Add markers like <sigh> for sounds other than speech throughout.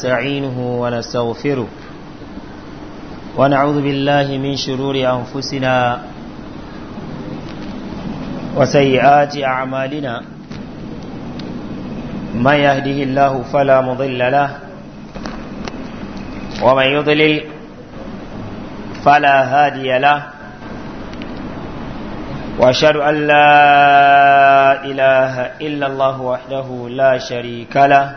نستعينه ونستغفره ونعوذ بالله من شرور أنفسنا وسيئات أعمالنا من يهده الله فلا مضل له ومن يضلل فلا هادي له واشهد ان لا اله الا الله وحده لا شريك له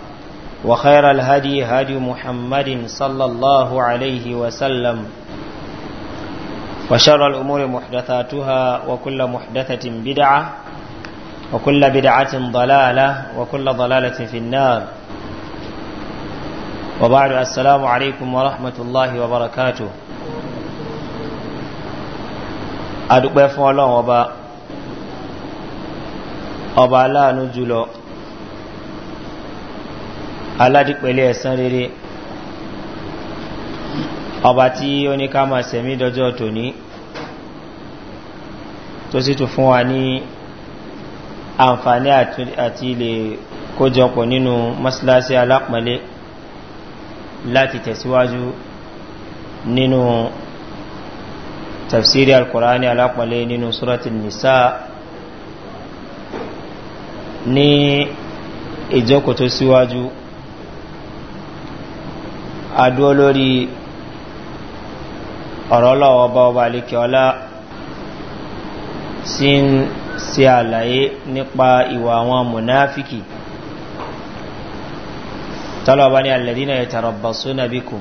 وخير الهدي هدي محمد صلى الله عليه وسلم وشر الأمور محدثاتها وكل محدثة بدعة وكل بدعة ضلالة وكل ضلالة في النار وبعد السلام عليكم ورحمة الله وبركاته أدوك بفعل وبا أبا لا نجلو aládìpẹ̀lẹ̀ ẹ̀sán rere ọba tí ó ní ká máa sẹ̀mí dọjọ́ tòní tó sì tún fún wa ní àǹfààní àti ilẹ̀ kójọpọ̀ nínú masláṣí alápẹ̀lẹ̀ láti tẹ̀síwájú nínú tafsiri alkùránì alápẹ̀lẹ̀ nínú suratul nisa ní ìjọ́kò tó síwájú si adúó lórí ọ̀rọ̀ lọ́wọ́ bá ọba alékiọlá sí ń se àlàyé nípa ìwà àwọn mùnáfíkì tọ́lọ̀bá ní àlẹ́dínà ìtàrọ̀bọ̀só nàbí kù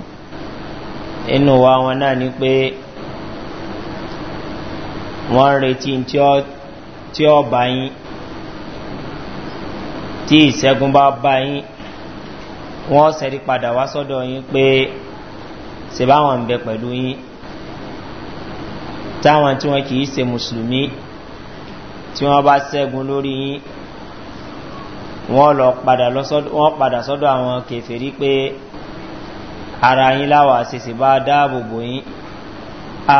inú wa wọn náà ni pé wọ́n retí tí ọ yín tí ìṣẹ́gun bá bá yín wọ́n sẹ̀rí padà wá sọ́dọ̀ yín pé ṣe báwọn ń bẹ pẹ̀lú yín táwọn tí wọ́n kìí ṣe mùsùlùmí tí wọ́n bá ṣẹ́gun lórí yín wọ́n lọ padà sọ́dọ̀ àwọn kẹfẹ́rí pé ara yín láwà ṣèṣì bá dáàbò bò yín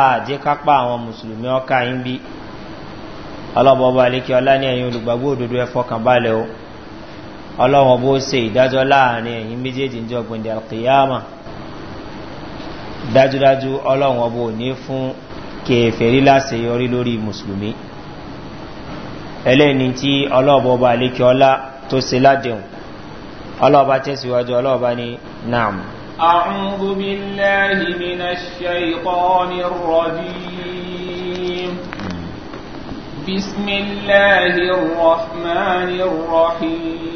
àjẹ́ kápá àwọn mùsùlùmí ọkà yín bí ọlọ́bọ̀ọ́bọ̀ àlékí ọlá ní ẹ̀yìn olùgbàgbọ́ òdodo ẹ̀fọ́ kan balẹ̀ o. ọlọ́wọ́n bó ṣe ìdájọ́ láàrin ẹ̀yìn méjèèjì ń jọ gbìndẹ̀ alkiyama dájúdájú ọlọ́wọ́n bó ní fún kèfèrí láṣẹ yọrí lórí musulmi ẹlẹ́ni tí ọlọ́ọ̀bọ̀ bá lékẹ́ ọlá tó ṣe tẹ́síwájú بسم الله الرحمن الرحيم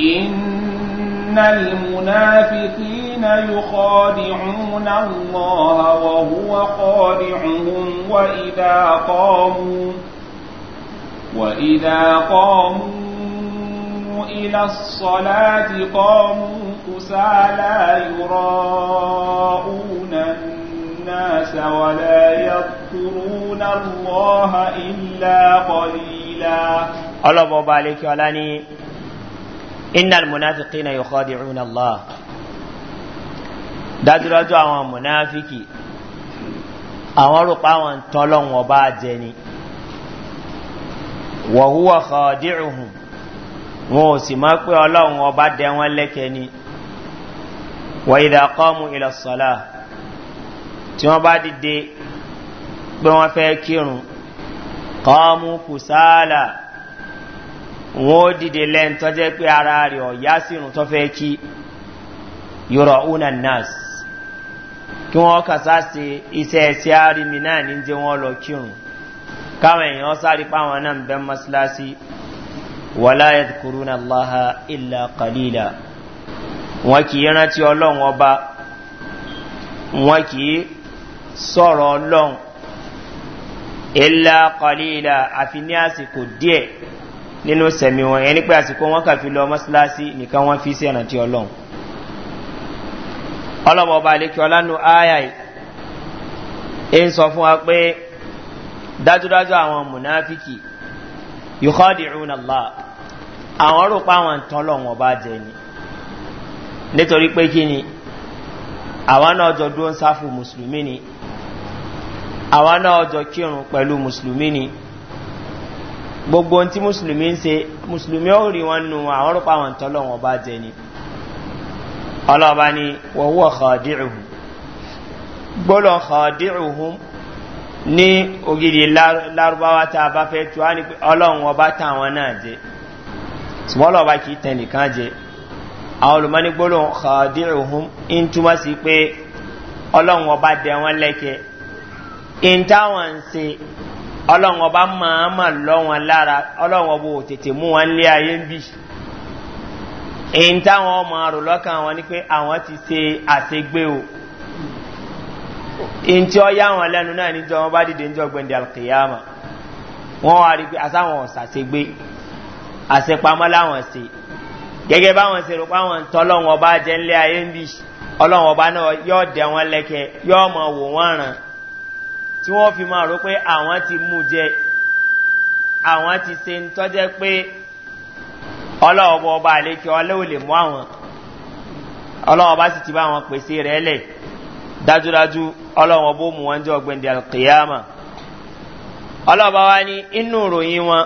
إن المنافقين يخادعون الله وهو خادعهم وإذا قاموا وإذا قاموا إلى الصلاة قاموا لا يراءون الناس ولا يذكرون الله إلا قليلا الله بابا عليك ولاني innal المنافقين يخادعون الله. ọ̀nà allah dájúdájú àwọn munafiki àwọn rúpa àwọn tọ́lọ̀ wọn bá jẹ ni wọ̀húwà kọ̀ọ̀dí ọ̀hún wọn ò sì máa pé ọlọ́run ọba dẹ wọn lẹ́kẹ̀ẹ́ ni wọ́n ìdá kọ́mù ìlọ̀sọ̀lá tí wọ́n bá dìde pé wọ́n fẹ́ kírun kọ́mù kùsáàlà wọ́n dìde lẹ́n tó jẹ́ pé ara rẹ̀ ọ̀yá sínú tó fẹ́ kí yọ̀rọ̀ una nas kí wọ́n kàsá sí iṣẹ́ ẹ̀sẹ̀ àrími náà ní jẹ́ wọ́n lọ kírun káwọn èèyàn sáré páwọn náà bẹ́ mọ́síláṣí wàlá ẹ̀dùkúrú láha ilà kàlílà wọn kì í rántí ọlọ́run ọba nínú sẹ̀mí wọn ẹni pé àsìkò wọn kà fi lọ mọ́síláṣí nìkan wọn fi sí ẹ̀nà tí ọlọ́run ọlọ́mọ ọba àlékí ọlánú ayáì ń sọ fún wa pé dájúdájú àwọn mùnáfíkì yìí àwọn rò pa àwọn ìtọ́lọ̀ wọn bá jẹ ni nítorí pé kí ni àwọn náà jọ dúró ń sáfù mùsùlùmí ni àwọn náà jọ kírun pẹ̀lú mùsùlùmí ni gbogbo tí mùsùlùmí ń se mùsùlùmí ó rí wọn nù àwọn rúpa àwọn tọ́lọ̀ wọn bá jẹ ni ọlọ́ba ni wọ́n wọ́ xọ́dírùhùn gbọ́lọ̀ xọ́dírùhùn ní ògidì lárúbáwá tá a bá fẹ́ tu á ní pé ọlọ́run ọba táwọn náà jẹ ṣùgbọ́n ọlọ́ba kì í tẹ̀ nìkan jẹ àwọn olùmọ́ni gbọ́lọ̀ xọ́dírùhùn ń túmọ̀ sí pé ọlọ́run ọba dẹ wọn lẹ́kẹ̀ẹ́ ń táwọn ń se ọlọ́run ọba máa mà lọ́wọ́n lára ọlọ́run ọba ò tètè mú wọn lé ayé ń bì táwọn ọmọ àrò lọ́kàn wọn ni pé ti ṣe àṣegbé o èyí tí ó yá wọn lẹ́nu náà níjọ wọn bá dìde níjọ gbẹ̀ndẹ̀ alkiyama wọn wá rí pé àsáwọn ṣàṣegbé àṣepamọ́ láwọn ṣe gẹ́gẹ́ báwọn ṣe rò pé àwọn ọba jẹ́ ńlé ayé ń ọlọ́run ọba náà yóò dẹ wọn lẹ́kẹ̀ẹ́ tí wọ́n fi máa rò pé àwọn ti mú jẹ àwọn ti se ń tọ́jẹ́ pé ọlọ́ọ̀bọ̀ ọba àlékè ọlẹ́wò lè mú àwọn ọlọ́ọ̀bá sì ti bá wọn pèsè rẹ̀ lẹ̀ dájúdájú ọlọ́wọ́n bó mú wọn jẹ́ ọgbẹ̀ndẹ̀ alkiyama ọlọ́ọ̀bá wá ní inú ròyìn wọn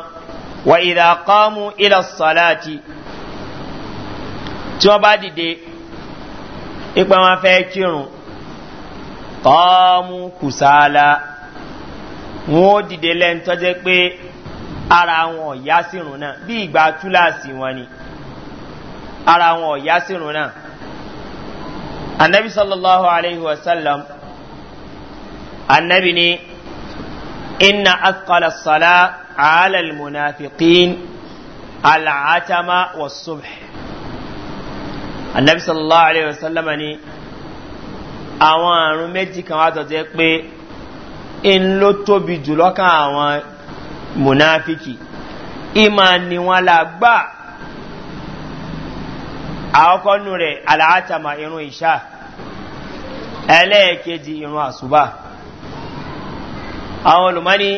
wà ìdàkọ́mú ilẹ̀ sọ́láti tí wọ́n bá dìde ipa wọn fẹ́ kírun kọ́ọ̀mù kùsàálà wọn ó dìde lẹ́ńtọ́ jẹ́ pé ara wọn ọ̀yá sírun náà bí ìgbà túláàsì wọn ni ara wọn ọ̀yá sírun náà anabi sallallahu alayhi wa sallam anabi ni inna akala sala ala almunafiqin al'atama wa subh anabi sallallahu alayhi wa sallam ni àwọn àrùn méjì kan wá tọ́ jẹ́ pé in ló tóbi jù lọ́kàn àwọn mùnáfíkì ìmọ̀ ni wọ́n la gbà àkọ́kọ́ nù rẹ̀ aláàtàmà irun ìṣá ẹlẹ́ẹ̀kejì irun àṣùbà àwọn olùmọ́ni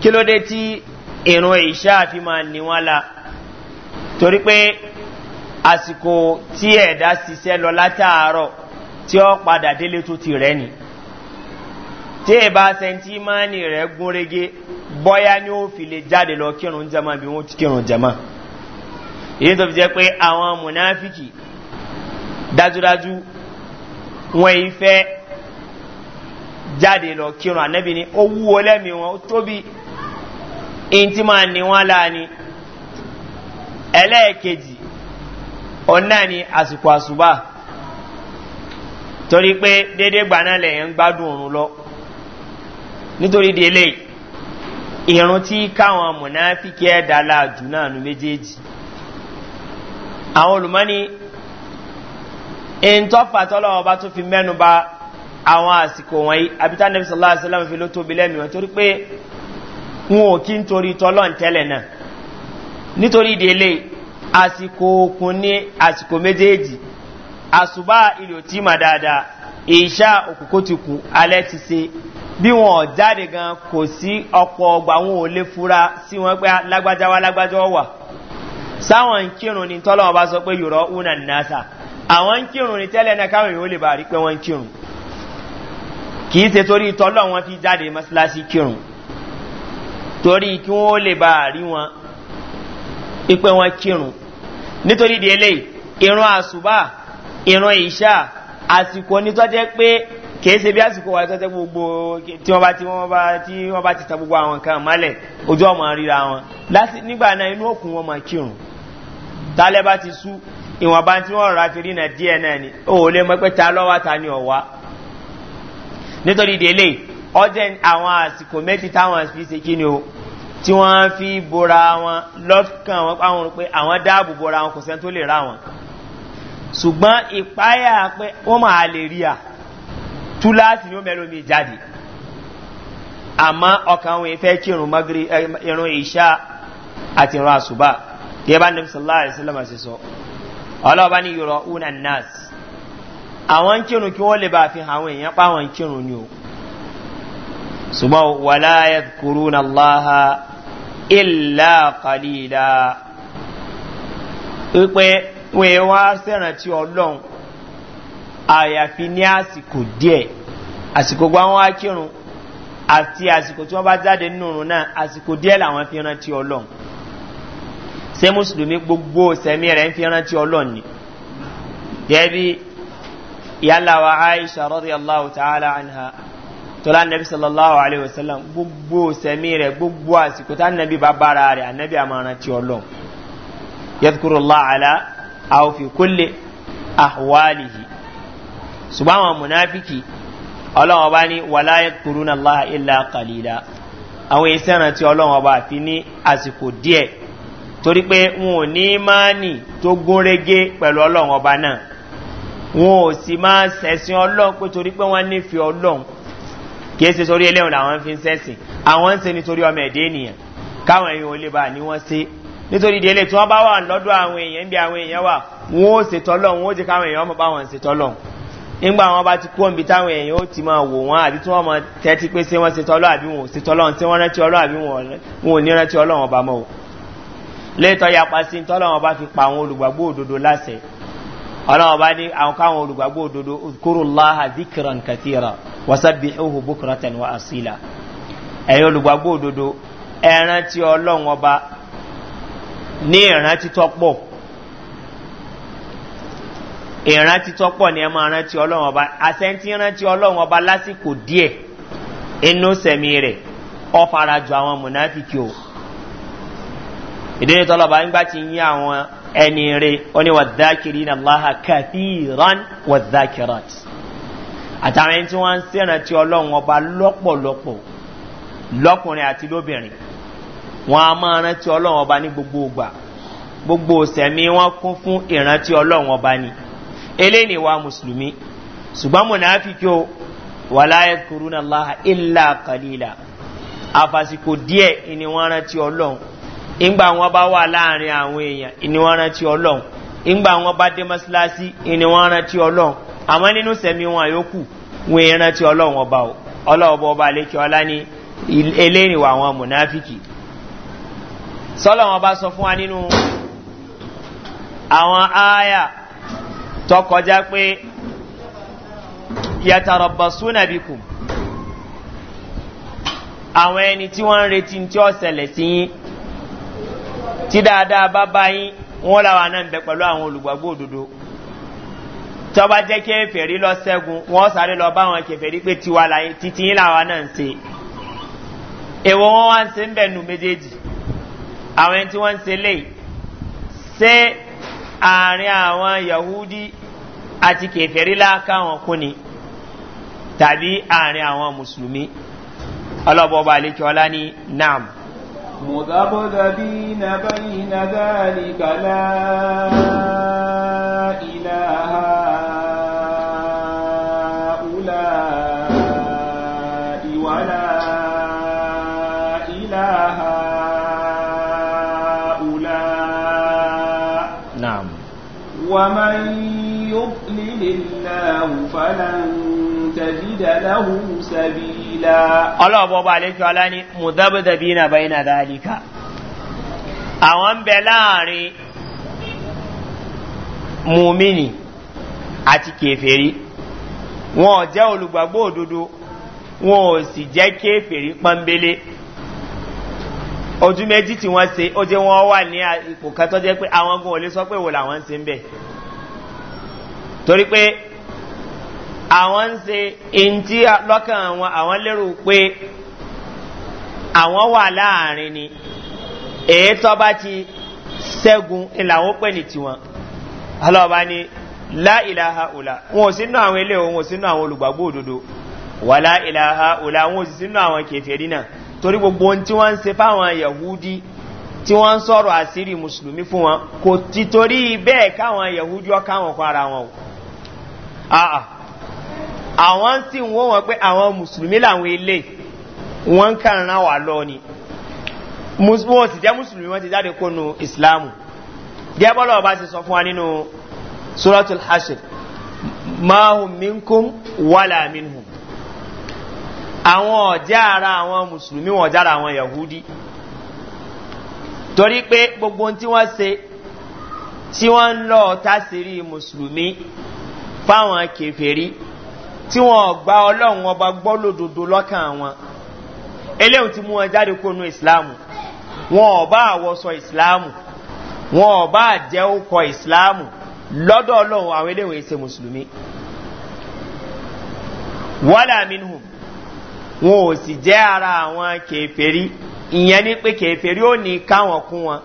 kí ló dé tí irun ìṣá fi máa ní wọ́n la torí pé àsìkò tí ẹ̀dá ṣiṣẹ́ lọ látàárọ̀ tí ó padà délé tó ti rẹ́ ni tí ẹ bá sẹ́ńtì mánì rẹ̀ gúnrégé bọ́yá ni ó fi lè jáde lọ kírun jama bí wọ́n ti kírun jama èyí tó fi jẹ́ pé àwọn mùnáfíkì dájúdájú wọ́n yìí jáde lọ kírun ànábì ni ó wúwo lẹ́mìí wọn ó tóbi ìntì máa ní wọn láàánú ẹlẹ́ẹ̀kejì ọ̀nà ni àsìkò àṣùbà torí pé déédéé gbà náà lẹ̀yìn ń gbádùn òun lọ nítorí délé ìrún tí káwọn mọ̀náfíkì ẹ̀dá láàjù náà nu méjèèjì àwọn olùmọ́ni ìntọ́fà tọ́lọ́ ọba tó fi mẹ́nu ba àwọn àsìkò wọ̀nyí abita nebi sallallahu alayhi wa sallam fi ló tóbi lẹ́nu wọn torí pé wọn ò kí ń torí tọ́lọ́ ń tẹ́lẹ̀ náà nítorí délé àsìkò òkun ní àsìkò méjèèjì àṣùbá ilẹ̀ ò tí mà dáadáa ìṣá òkùnkó ti kù alẹ́ ti ṣe bí wọn jáde gan kò sí ọ̀pọ̀ ọgbà wọn ò lè fura sí wọn pé ah, lágbájá wa lágbájá wà sáwọn ń kírun ni tọ́lọ́wọ́n bá sọ pé yòrọ̀ una nasa àwọn ń kírun ni tẹ́lẹ̀ náà káwọn èèyàn ó lè bá rí pé wọ́n ń kírun kì í ṣe torí tọ́lọ́ wọn fi jáde mọ́ṣáláṣí kírun torí kí wọ́n lè bá rí wọn pé wọ́n kírun nítorí di eléyìí irun àṣùbà ìran ìṣá àsìkò ní tọ́jẹ́ pé kìí ṣe bí àsìkò wà tọ́jẹ́ gbogbo tí wọ́n bá tí wọ́n bá tí wọ́n bá ti ta gbogbo àwọn nǹkan mọ́lẹ̀ ojú ọmọ ríra wọn láti nígbà náà inú òkun wọn máa kírun tálẹ́ bá ti sú ìwọ̀nba tí wọ́n rà fi rínà díẹ̀ náà ni ó lè mọ́ pé ta lọ́wọ́ ta ni ọ̀wá nítorí délé ọjẹ́ àwọn àsìkò méjì táwọn fi ṣe kí ni o tí wọ́n fi bora wọn lọ́kàn wọn pé àwọn dáàbò bora wọn kò sẹ́ni tó lè ra wọn ṣùgbọ́n ìpáyà pé wọ́n máa lè rí à túláàsì ni ó mẹ́rin omi jáde àmọ́ ọkàn àwọn ìfẹ́ kí irun magre irun ìṣá àti irun àṣùbà yẹ bá nàbí sọlá àìsílẹ̀ máa ṣe sọ ọlọ́ọ̀bá ní yọrọ una nas àwọn ń kírun kí wọ́n lè bá fi àwọn èèyàn pa àwọn kírun ni o ṣùgbọ́n wàláyà kúrú náà láha ìlà kàlílà wípé wọ́n wá sẹ́rántí ọlọ́run àyàfi ní àsìkò díẹ̀ àsìkò gba wọn á kírun àti àsìkò tí wọ́n bá jáde nínú òrùn náà àsìkò díẹ̀ làwọn fi rántí ọlọ́run ṣé mùsùlùmí gbogbo sẹ́mi rẹ̀ ń fi rántí ọlọ́run ni gẹ́bí yálà wa aisha rọ́dí allahu ta'ala anha tọ́lá nàbí sallallahu alayhi wa sallam gbogbo sẹ́mi rẹ̀ gbogbo àsìkò tá nàbí bá bára rẹ̀ ànàbí àmọ́ rántí ọlọ́run yẹ́tukuru aw fi kulli ahwalihi ṣùgbọ́n àwọn munafiki ọlọ́run ọba ní wàláyé kuruna allah ilà kàlílà àwọn iṣẹ́ ìrántí ọlọ́run ọba àfi ní àsìkò díẹ̀ torí pé wọn ò ní máàní tó gún régé pẹ̀lú ọlọ́run ọba náà wọn ò sì máa sẹ̀sìn ọlọ́run pé torí pé wọ́n nífẹ̀ẹ́ ọlọ́run kìí ṣe torí ẹlẹ́wọ̀n làwọn fi ń sẹ́sìn àwọn ń ṣe nítorí ọmọ ẹ̀dẹ́ ènìyàn káwọn èèyàn ò lè bá ní wọ́n ṣe é nítorí ìdí ẹlẹ́ tí wọ́n bá wà lọ́dọ̀ àwọn èèyàn bí àwọn èèyàn wà wọ́n ó ṣètọ́lọ̀ wọ́n ó jẹ́ káwọn èèyàn ọmọ bá wọn ṣètọ́lọ̀ nígbà wọn bá ti kú òǹbí táwọn èèyàn ó ti máa wò wọn àbí tí wọ́n máa tẹ́tí pé ṣé wọ́n ṣètọ́lọ̀ àbí wọn ò ṣètọ́lọ̀ tí wọ́n rántí ọlọ́ àbí wọn ò ní rántí ọlọ́ bá mọ́ o yapa sí tọ́lọ́ wọn bá fi pa àwọn òdodo láṣẹ ọlọ́wọ́n bá ní ní ìrántí tọ́pọ̀ ìrántí tọ́pọ̀ ni ẹ máa rántí ọlọ́run ọba àsẹ́ntí rántí ọlọ́run ọba lásìkò díẹ̀ inú sẹ̀mí rẹ̀ ọ fara ju àwọn mùnáfíkì o ìdílé tọ́lọ́ba nígbà tí ń yí àwọn ẹni rẹ̀ oníwà dákìrì náà láha kàfíìrán wà dákìrán àtàwọn ẹni tí wọ́n ń sẹ́rántí ọlọ́run ọba lọ́pọ̀lọpọ̀ lọ́kùnrin àti lóbìnrin. wọn a máa rántí ọlọ́wọ́n ọba ní gbogbo ògbà gbogbo sẹ̀mí wọn kún fún ìrántí ọlọ́wọ́n ọba ni eléyìí wa mùsùlùmí ṣùgbọ́n o wà láyé illa láha ilà kàlílà àfàsìkò díẹ̀ ìní wọn rántí ọlọ́wọ́n ìgbà wọn bá wà láàrin àwọn èèyàn ìní wọn rántí ìgbà wọn bá dé ìní o ọba ọba ọlá ni eléyìí wa sọ́lọ̀ wọn bá sọ fún wa nínú àwọn ááyà tó kọjá pé yàtàrọ̀bọ̀ súnà bí kù àwọn ẹni tí wọ́n ń retí tí ó ṣẹlẹ̀ sí yín tí dáadáa bá bá yín wọ́n làwọn náà ń bẹ pẹ̀lú àwọn olùgbàgbọ́ òdodo tọ́ba jẹ́ kẹfẹ́rí lọ sẹ́gun wọ́n sáré lọ bá àwọn kẹfẹ́rí pé tiwa láyé títí yín làwọn náà ń se èwo wọn wá ń se ń bẹ̀ nù méjèèjì àwọn ẹni tí wọ́n ń se lè ṣe àárín àwọn yahudi àti kẹfẹ́rí láàká wọn kú ni tàbí àárín àwọn mùsùlùmí ọlọ́bọ̀ọ́bà alẹ́kẹ́ọ́lá ní nam. مذبذبين بين ذلك لا إله ومن يضلل الله فلن تجد له سبيلا الله أبو عليك ولاني مذبذبين بين ذلك أوان wọn ò jẹ́ olùgbàgbó òdodo wọn o si jẹ́ keferi pọ́nbélé ojú méjì tí se ó jẹ́ wà ní ipò kan tó pé awon gun se torí pé àwọn ń se eŋti lọ́kàn wọn àwọn lérò pé àwọn wà láàrin ni èyí tó bá ti sẹ́gun ìlàwọ́ pè ní tiwọn alọ́ba ni láìláha òlà wọn ò sínú àwọn ilé òun ò sínú àwọn olùgbàgbọ́ òdodo wà láìláha òlà wọn ò sínú àwọn kẹfẹ́ dínà torí gbogbo ohun tí wọ́n ń se fáwọn yahudi tí wọ́n ń sọ̀rọ̀ àṣírí mùsùlùmí fún wọn kò ti torí bẹ́ẹ̀ káwọn yẹ̀hújú káwọn kọ ara wọn o àwọn sì ń wọ́n pé àwọn mùsùlùmí làwọn ilé wọn kàn rán wà lọ ni wọn sì jẹ́ mùsùlùmí wọn ti jáde kó nu ìsìláàmù díẹ̀ bọ́lá ọba ti sọ fún wa nínú suratul hashir mahum minkum wala minhum àwọn ọ̀jẹ́ ara àwọn mùsùlùmí wọn jára àwọn yahudi torí pé gbogbo tí wọ́n ṣe tí wọ́n ń lọ tásìrí mùsùlùmí fáwọn kẹfẹ́rí tí wọ́n gba ọlọ́run ọba gbọ́ lòdòdó lọ́kàn wọn eléyìí ti mú wọn jáde kónú ìsìláàmù wọn ò bá àwọsọ ìsìláàmù wọn ò bá jẹ́ òkọ ìsìláàmù lọ́dọ̀ ọlọ́run àwọn eléyìí ṣe mùsùlùmí wọ́lá minhum wọn ò sì jẹ́ ara àwọn kẹfẹ́rí ìyẹn ní pé kẹfẹ́rí ò ní káwọn kún wọn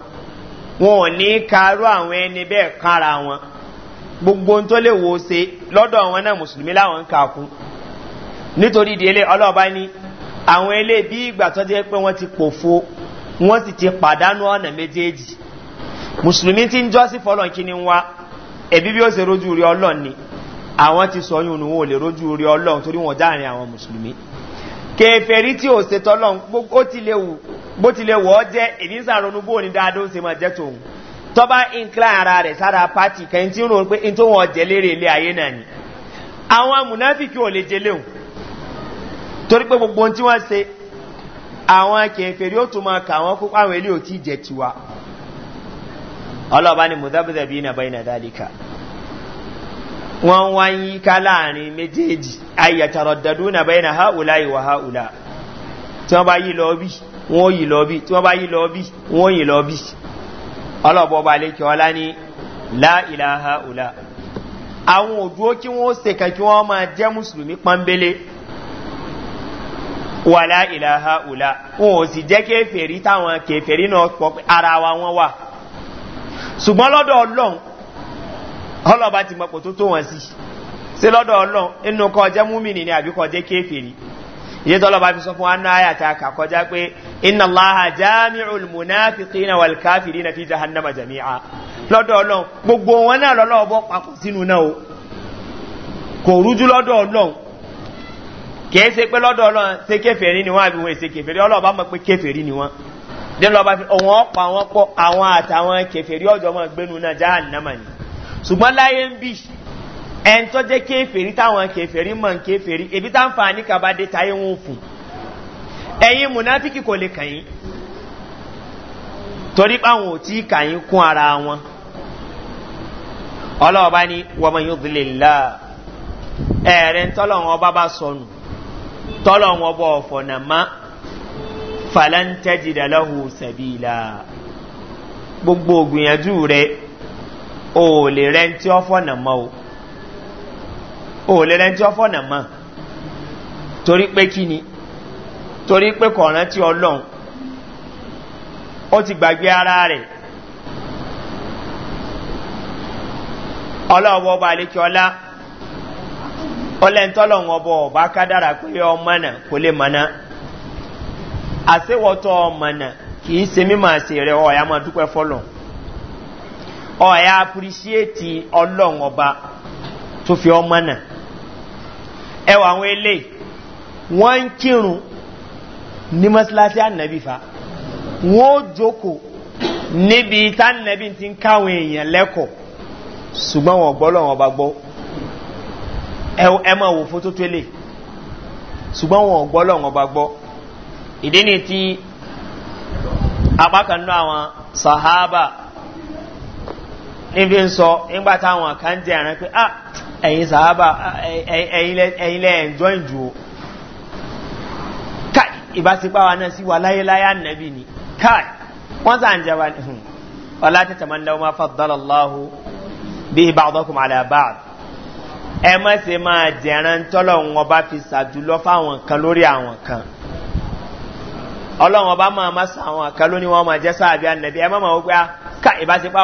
wọn ò ní karú àwọn ẹni bẹ́ẹ̀ kára wọn gbogbo tó lè wo ṣe lọ́dọ̀ àwọn náà mùsùlùmí láwọn ń kà kún nítorí ìdílé ọlọ́ọ̀bá ní àwọn ilé bí ìgbà tó jẹ́ pé wọ́n ti pòfo wọ́n sì ti pàdánù ọ̀nà méjèèjì mùsùlùmí ti ń jọ́sí fọlọ́n kí ni wá ẹ̀bí bí ó ṣe rójú rí ọlọ́ọ̀ àwọn ti sọ yún un wọn ò lè rójú rí ọlọ́ọ̀ torí wọn dáàrin àwọn mùsùlùmí kẹfẹ̀rí tí ò ṣe tọ́lọ́n bó ti lè wọ́ jẹ́ èdè ìsàrònú bó ní dáadọ́ ó ṣe máa jẹ́ tòun tọ́ba inclin ara rẹ̀ sára pátì kẹ́yìn tí ń rò pé tó wọ́n jẹ́ lérè ilé ayé náà ni àwọn amúnáfíkì ò lè jẹ léhùn torí pé gbogbo tí wọ́n ṣe àwọn kẹfẹ̀rí ó tún kà wọ́n kó pàwọn ilé ò tí jẹ tiwa ọlọ́ọ̀bá ni mùdábùdàbí nàbáyìnà dálíkà wọ́n wá ń yí ká láàrin méjèèjì ayàtàrọ̀ dàdú nà bẹ́ẹ̀ na haúlá ìwà haúlá tí wọ́n bá yí lọ bí wọ́n yí lọ bí tí wọ́n bá yí lọ bí wọ́n yí lọ bí ọlọ́bọ̀ bá lè kí ọlá ní láìlá haúlá àwọn òdúró kí wọ́n ṣe kan kí wọ́n máa jẹ́ mùsùlùmí pọ́nbélé wà láìlá haúlá wọn ò sì jẹ́ kéfèrí táwọn kéfèrí náà pọ̀ ara wa wọn wà ṣùgbọ́n lọ́dọ̀ ọlọ́run ọlọ́ba ti mọ̀pọ̀ tó tó wọn sí sí lọ́dọ̀ ọlọ́run inú kọjá múmìnì ni àbí kọjá kéfèrí ìyẹ́ tó ọlọ́ba fi sọ fún aná àyàtà kà kọjá pé iná láha jamiul munafiki na wal káfìrí na fi jahannama jami'a lọ́dọ̀ ọlọ́run gbogbo wọn náà lọ́lọ́ọ̀bọ papọ̀ sínú náà o kò rújú lọ́dọ̀ ọlọ́run kìí ṣe pé lọ́dọ̀ ọlọ́run ṣe kéfèrí ni wọ́n àbí wọn ṣe kéfèrí ọlọ́ọ̀bá mọ̀ pé kéfèrí ni wọ́n dé lọ́ba fi òun ọ̀pọ̀ àwọn pọ̀ àwọn àtàwọn kéfèrí ọjọ́ mọ̀ gbénu náà jahannama ni ṣùgbọ́n láyé ń bì ẹn tó jẹ́ kéferì táwọn kéferì mọ̀ ń kéferì ebi tá ń fa ní kaba dé táyé wọn fún ẹ̀yin mùnáfíkì kò lè kàn yín torí páwọn ò tí ì yín kún ara wọn ọlọ́ọ̀bá ni wọ́n mọ̀ yóò délé ńlá ẹ̀rẹ́ tọ́lọ̀ wọn bá bá sọnù tọ́lọ̀ wọn bọ̀ ọ̀fọ̀nà má falẹ́ńtẹ́jìdàlọ́hùn sẹ̀bìlà gbogbo ògbìyànjú rẹ̀ o lè rẹ tí ọ fọ̀nà o o torí pé kí ni torí pé kọ̀ọ̀rán tí ọlọ́run ó ti gbàgbé ara rẹ̀ ọlọ́wọ́ ọba àlékiọlá ọlẹ́ntọ́lọ́wọ́ ọba kádàrà pé kò lè mọ̀nà àṣewọ́tọ̀ ọmọnà kì í ṣe mímọ̀ àṣẹ rẹ̀ ọ̀yà dúpẹ́ ọ̀yà apírísíétì ọlọ́run ọba tó fi ọmọ náà ẹwà àwọn ilé wọ́n ń kírun ní mọ́síláṣí ànàbí fa wọ́n jókòó níbi tánàbí ti ń káwọn èèyàn lẹ́kọ̀ọ́ ṣùgbọ́n wọn gbọ́ lọ́wọ́ ọba gbọ́ ẹ máa wò fótó tó lè ṣùgbọ́n wọn gbọ́ lọ́wọ́ gbọ́ ìdí ni ti apákanú àwọn sahaba níbi ń sọ nígbà táwọn kan jẹ́ àrán pé ah ẹ̀yin sàábà ẹ̀yin lẹ́ ẹ̀njọ́ ìjò kai ìbáṣepá wa náà sí wa láyéláyá nàbì ni kai wọ́n sàn jẹ́ wa hmm. ọlá tètè máa ń dáwọ́ máa fàdúrà lọ́hù bí ibà ọ̀dọ́kùnrin àlàbà ẹ má ṣe máa jẹ̀rán tọ́lọ̀ wọn bá fi fáwọn kan lórí àwọn kan ọlọ́run ọba máa má sàwọn kan lóní wọn máa jẹ́ sáàbí ẹ má máa wọ́pẹ́ ah, ká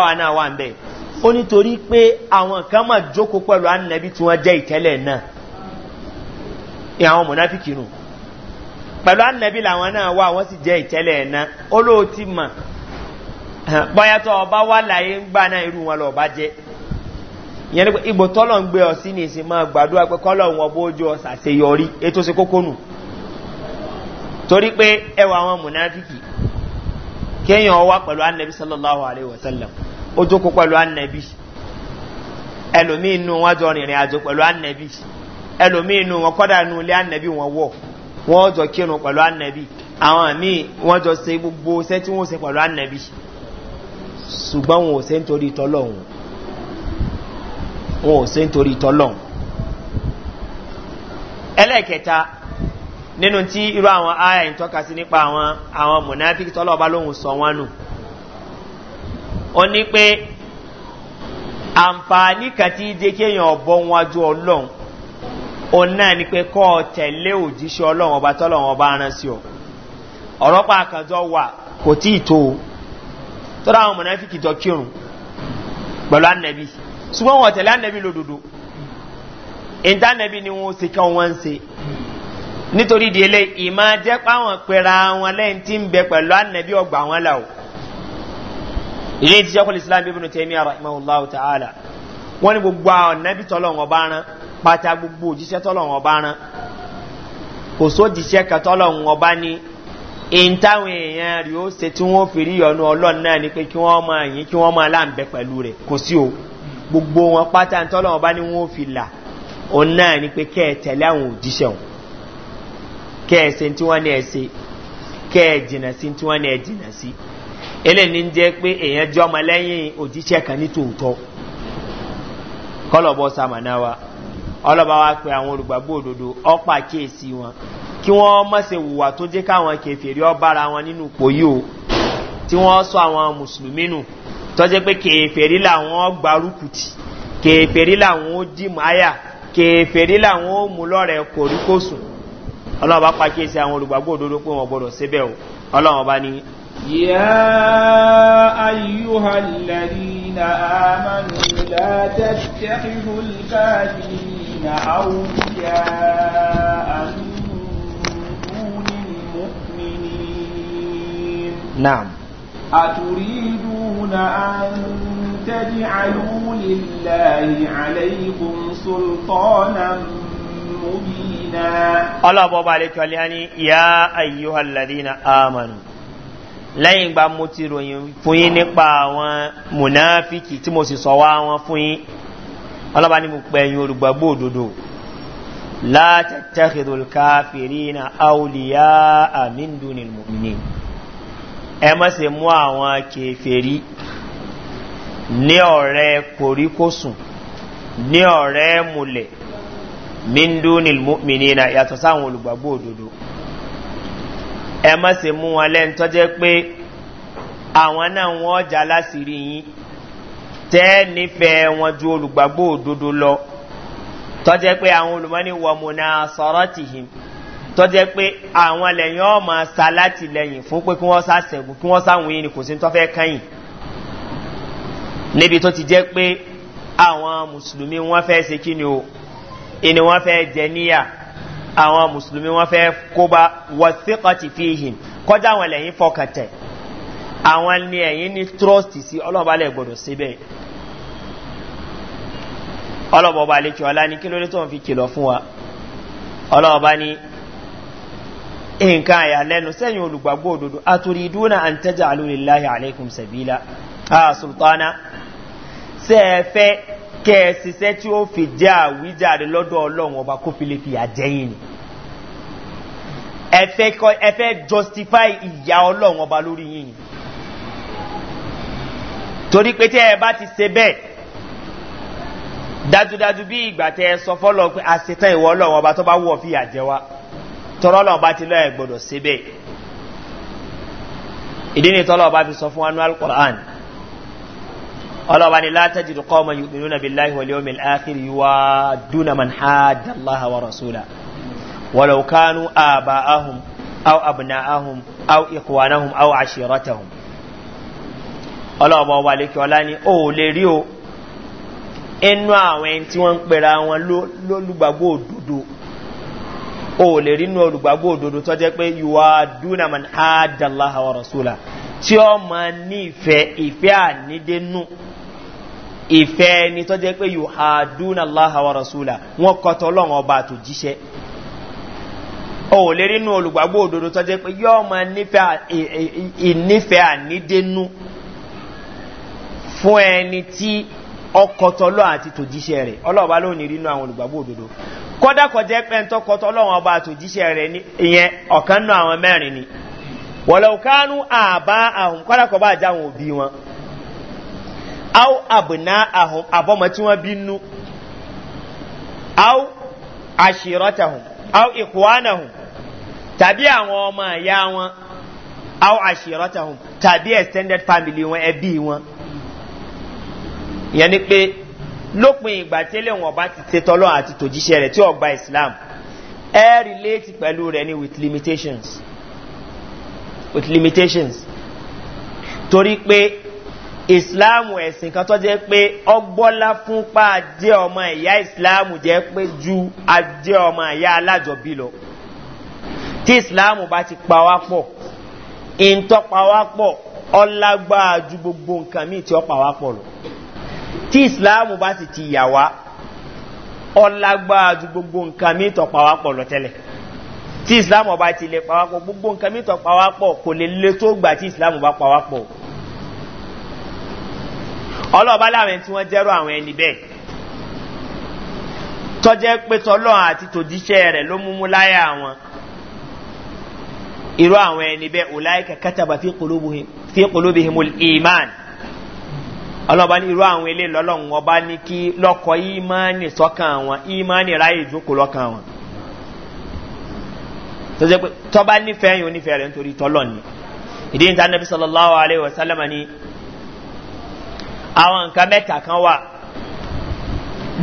wa náà wà ń bẹ́ẹ̀. ó nítorí pé àwọn kan máa jókòó pẹ̀lú annabi tí wọ́n jẹ́ ìtẹ́lẹ̀ náà ní àwọn mọ̀náfíkì nù pẹ̀lú annabi làwọn náà wà wọ́n sì jẹ́ ìtẹ́lẹ̀ náà olóòtí mà bọ́yátọ̀ ọba wà láyé ń gbà náà irú wọn lọ bá jẹ́ ìyẹn ní pé ibò tọ́lọ̀ ń gbé ọ sí ní ìsìn máa gbàdúrà pé kọ́lọ̀ wọn bó jó ọ ètò sí kókó nù torí annabi sallallahu ó jókòó pẹ̀lú anabi ẹlòmíì nù wọn jọ rìnrìn àjò pẹ̀lú anabi ẹlòmíì nù wọn kọ́dà nù ilé anabi wọn wọ̀ wọn jọ kírun pẹ̀lú anabi àwọn míì wọn jọ se gbogbo iṣẹ́ tí wọ́n se pẹ̀lú anabi ṣùgbọ́n wọn ò se nítorí tọ́lọ́hún wọn ò se nítorí tọ́lọ́hún ẹlẹ́ẹ̀kẹta nínú tí irú àwọn aya ń tọ́ka sí nípa àwọn àwọn mọ̀nàfíkì tọ́lọ́ọ̀bá lóhùn sọ wọn nù ó ní pé àǹfààní kan tí jẹ́ kéèyàn ọ̀bọ wájú ọlọ́run òun náà ni pé kọ́ ọ tẹ̀lé òjíṣẹ́ ọlọ́run ọba tọ́lọ́run ọba rán sí ọ ọ̀rọ̀ pa àkànjọ wà kò tí ì tó o tọ́lá àwọn mọ̀nàfíkì jọ kírun pẹ̀lú ànẹ́bí ṣùgbọ́n wọn tẹ̀lé ànẹ́bí lòdòdó ìdánẹ́bí ni wọn ṣe kí wọn ń ṣe nítorí ìdílé ìmọ̀ jẹ́ pàwọn pera wọn lẹ́yìn tí ń bẹ pẹ̀lú ànẹ́bí ọgbà wọn là ilé ti sẹ́kọ̀ọ́ islam ibùdó tẹ́mi rahimahullahu ta'ala wọ́n ní gbogbo àwọn nábì tọ́lọ̀wọ̀n bá rán pátá gbogbo òjíṣẹ́ tọ́lọ̀wọ̀n bá rán kò sójíṣẹ́ kan tọ́lọ̀wọ̀n bá ní in táwọn èèyàn rí ó ṣe tí wọ́n fi rí ọ̀nà ọlọ́run náà ni pé kí wọ́n máa yín kí wọ́n máa láǹbẹ̀ pẹ̀lú rẹ̀ kò sí o gbogbo wọn pátá tọ́lọ̀wọ̀n bá ní wọ́n fi là òun náà ni pé kẹ́ ẹ tẹ̀lé àwọn òjíṣẹ́ wọn kẹ́ ẹ ṣe tí wọ́n ní ẹ ṣe kẹ́ ẹ jìnà sí tí wọ́n ní ẹ jìnà sí. Si eléyìí ń jẹ́ pé èèyàn jẹ́ ọmọ lẹ́yìn òjíṣẹ́ kan ní tòótọ́ kọlọ̀bọ sàmànà wa ọlọ́ba wa pe àwọn olùgbàgbọ́ òdodo ọ̀pá kéèsì wọn kí wọ́n mọ̀sẹ̀ wùwà tó jẹ́ káwọn kẹfìrí ọ̀bára wọn nínú ipò yìí o tí wọ́n sọ àwọn mùsùlùmí nù tọ́jẹ́ pé kẹfìrí làwọn gbarùkùtì kẹfìrí làwọn ó dì máyà kẹfìrí làwọn ó mú lọ́rẹ̀ kòríkòsùn ọlọ́ba pa kéèsì àwọn olùgbàgbọ́ òdodo pé wọ́n gbọ́dọ̀ síbẹ̀ o ọlọ́wọ́n bá يا أيها الذين آمنوا لا تتخذوا الكافرين أولياء من دون المؤمنين نعم أتريدون أن تجعلوا لله عليكم سلطانا مبينا الله أبو عليك يا أيها الذين آمنوا lẹ́yìn ìgbà mo ti ròyìn fún yín nípa àwọn mùnáfíkì tí mo sì sọ wá wọn fún yín ọlọ́ba ni mo pẹ̀ yín olùgbàgbọ́ òdodo láti tẹ́kìdùl káfìrí na áwùlíyá àmìndù ní mùmìnì ẹ má se mú àwọn kẹfẹ́rí ní ọ̀rẹ́ koríkòsùn ní ọ̀rẹ́ mulẹ̀ mìndù ní mùmìnì yàtọ̀ sáwọn olùgbàgbọ́ òdodo ẹ má se mú wọn lẹ́nu tó jẹ́ pé àwọn náà wọ́n jà lásìrí yín tẹ́ nífẹ̀ẹ́ wọn ju olùgbàgbọ́ òdodo lọ tó jẹ́ pé àwọn olùmọ́ni wọ̀ múná sọ̀rọ̀ tìhìn tó jẹ́ pé àwọn lẹ́yìn ọmọ sa láti lẹ́yìn fún pé kí wọ́n sá sẹ̀gùn kí wọ́n sáwọn yìí ni kò sí tó fẹ́ kẹ́yìn níbi tó ti jẹ́ pé àwọn mùsùlùmí wọ́n fẹ́ se kí ni o ìní wọ́n fẹ́ jẹ níyà àwọn mùsùlùmí wọn fẹ́ kóbá wọ́síkọ̀tì fíhìn kọjá àwọn lẹ́yìn fọkàtẹ̀ àwọn ni ẹ̀yìn ní trọ́stì sí ọlọ́balẹ̀ gbọdọ̀ síbẹ̀ ọlọ́bọba àlejò ọlá ní kí ló dé tó ń fi kìlọ̀ fún wa ọlọ́ọba ní nǹkan àyà lẹ́nu sẹ́yìn olùgbàgbọ́ òdodo àtúrí dúnà à ń tẹ́jà alóríláyà aleikum ah sultana sẹ́ẹ̀fẹ́ kẹ ṣiṣẹ́ tí ó fi jẹ́ àwíjàre lọ́dọ̀ ọlọ́run ọba kó fi lè fi àjẹyìn ni ẹ justify ìyá ọlọ́run ọba lórí yìnyín torí pé tẹ́ ẹ bá ti ṣe bẹ́ẹ̀ dájúdájú bí ìgbà tẹ́ ẹ sọ fọ́lọ́ pé a ṣe tán ìwọ ọlọ́run ọba tó bá wọ̀ fi àjẹ wa tọrọ ọlọ́run bá ti lọ́ọ̀ ẹ̀ gbọ́dọ̀ ṣe bẹ́ẹ̀ ìdí ni tọ́lọ́ ọba fi sọ fún wa ní alukọ̀rán ọlọ́wà ni látàjì tó kọ́ọ̀mọ̀ yìí nínú bíláì wọlé omi àkírí wa dúnà man hajjalláha wa rasúlà wàlọ́kánu àbá ahùn au abùnà ahùn au ìkùwánahùn au àṣírọ́tahùn ọlọ́wà wà lékè ọlá ni ó lè rí o inú àwọn ẹni tí wọ́n ń pera wọn lólùgbàgbó òdodo ó lè rí inú olùgbàgbó òdodo tó jẹ́ pé yìí dúnà man hajjalláha wa rasúlà tí ọ ma ní ìfẹ́ ìfẹ́ ànídénú ìfẹ́ ẹni tó jẹ́ pé yóò ha dúnà láhàwà rasúlà wọn kọtọ lọ́wọ́ ọba tó jíṣẹ́ o ò lè rínú olùgbàgbó òdodo tó jẹ́ pé yóò ma ìnífẹ́ ànídénú fún ẹni tí ọkọtọ lọ́ àti tó jíṣẹ́ rẹ̀ ọlọ́ọ̀bá ló ní rínú àwọn olùgbàgbó òdodo kọ́dà jẹ́ pé kọtọ ọba aw abuna ahun abomati tí binu bí nú aw aṣirọtahun aw ikuwanahun tàbí àwọn ọmọ ẹ̀yà wọn aw aṣirọtahun tabi extended family won ebi wọn yani ni pé igba ìgbà tẹ́lẹ̀ wọn bá ti tẹ́tọ́lọ́ ati tòjíṣẹ́ rẹ̀ ti ogba islam ẹ relate pelu rẹ̀ ni with limitations with limitations tori pe. ìsìláàmù ẹ̀sìn kan tó jẹ́ pé ọgbọ́lá fún pa jẹ́ ọmọ ìyá ìsìláàmù jẹ́ pé ju ajẹ́ ọmọ ìyá alájọbí lọ tí ìsìláàmù bá ti pa wá pọ̀ ìǹtọ́ pa wá pọ̀ ọlágbára ju gbogbo nǹkan míì tí ó pa wá pọ̀ lọ tí ìsìláàmù bá sì ti yà wá ọlágbára ju gbogbo nǹkan míì tó pa lọ tẹ́lẹ̀ tí ìsìláàmù bá ti lè pa gbogbo nǹkan míì tó pa kò lè le tó gbà tí ìsìláàmù bá pa ọlọ́ọ̀bá láwọn ẹni tí wọ́n jẹ́rọ àwọn ẹni bẹ́ẹ̀ tọ́jẹ́ pé tọ́lọ́ àti tòjíṣẹ́ rẹ̀ ló múmú láyà àwọn irú àwọn ẹni bẹ́ẹ̀ ọláìkà kátàbà fi kòlóbi himul iman ọlọ́ọ̀bá ní irú àwọn ilé lọ́lọ́run ọba ní kí lọ́kọ̀ ìmánì sọ́kàn àwọn ìmánì ráyè ìjókòó lọ́kàn àwọn tọ́jẹ́ pé tọ́ba nífẹ̀ẹ́ yìí onífẹ̀ẹ́ rẹ̀ nítorí tọ́lọ́ ni ìdí ìta nàbí àwọn nǹkan mẹ́ta kan wà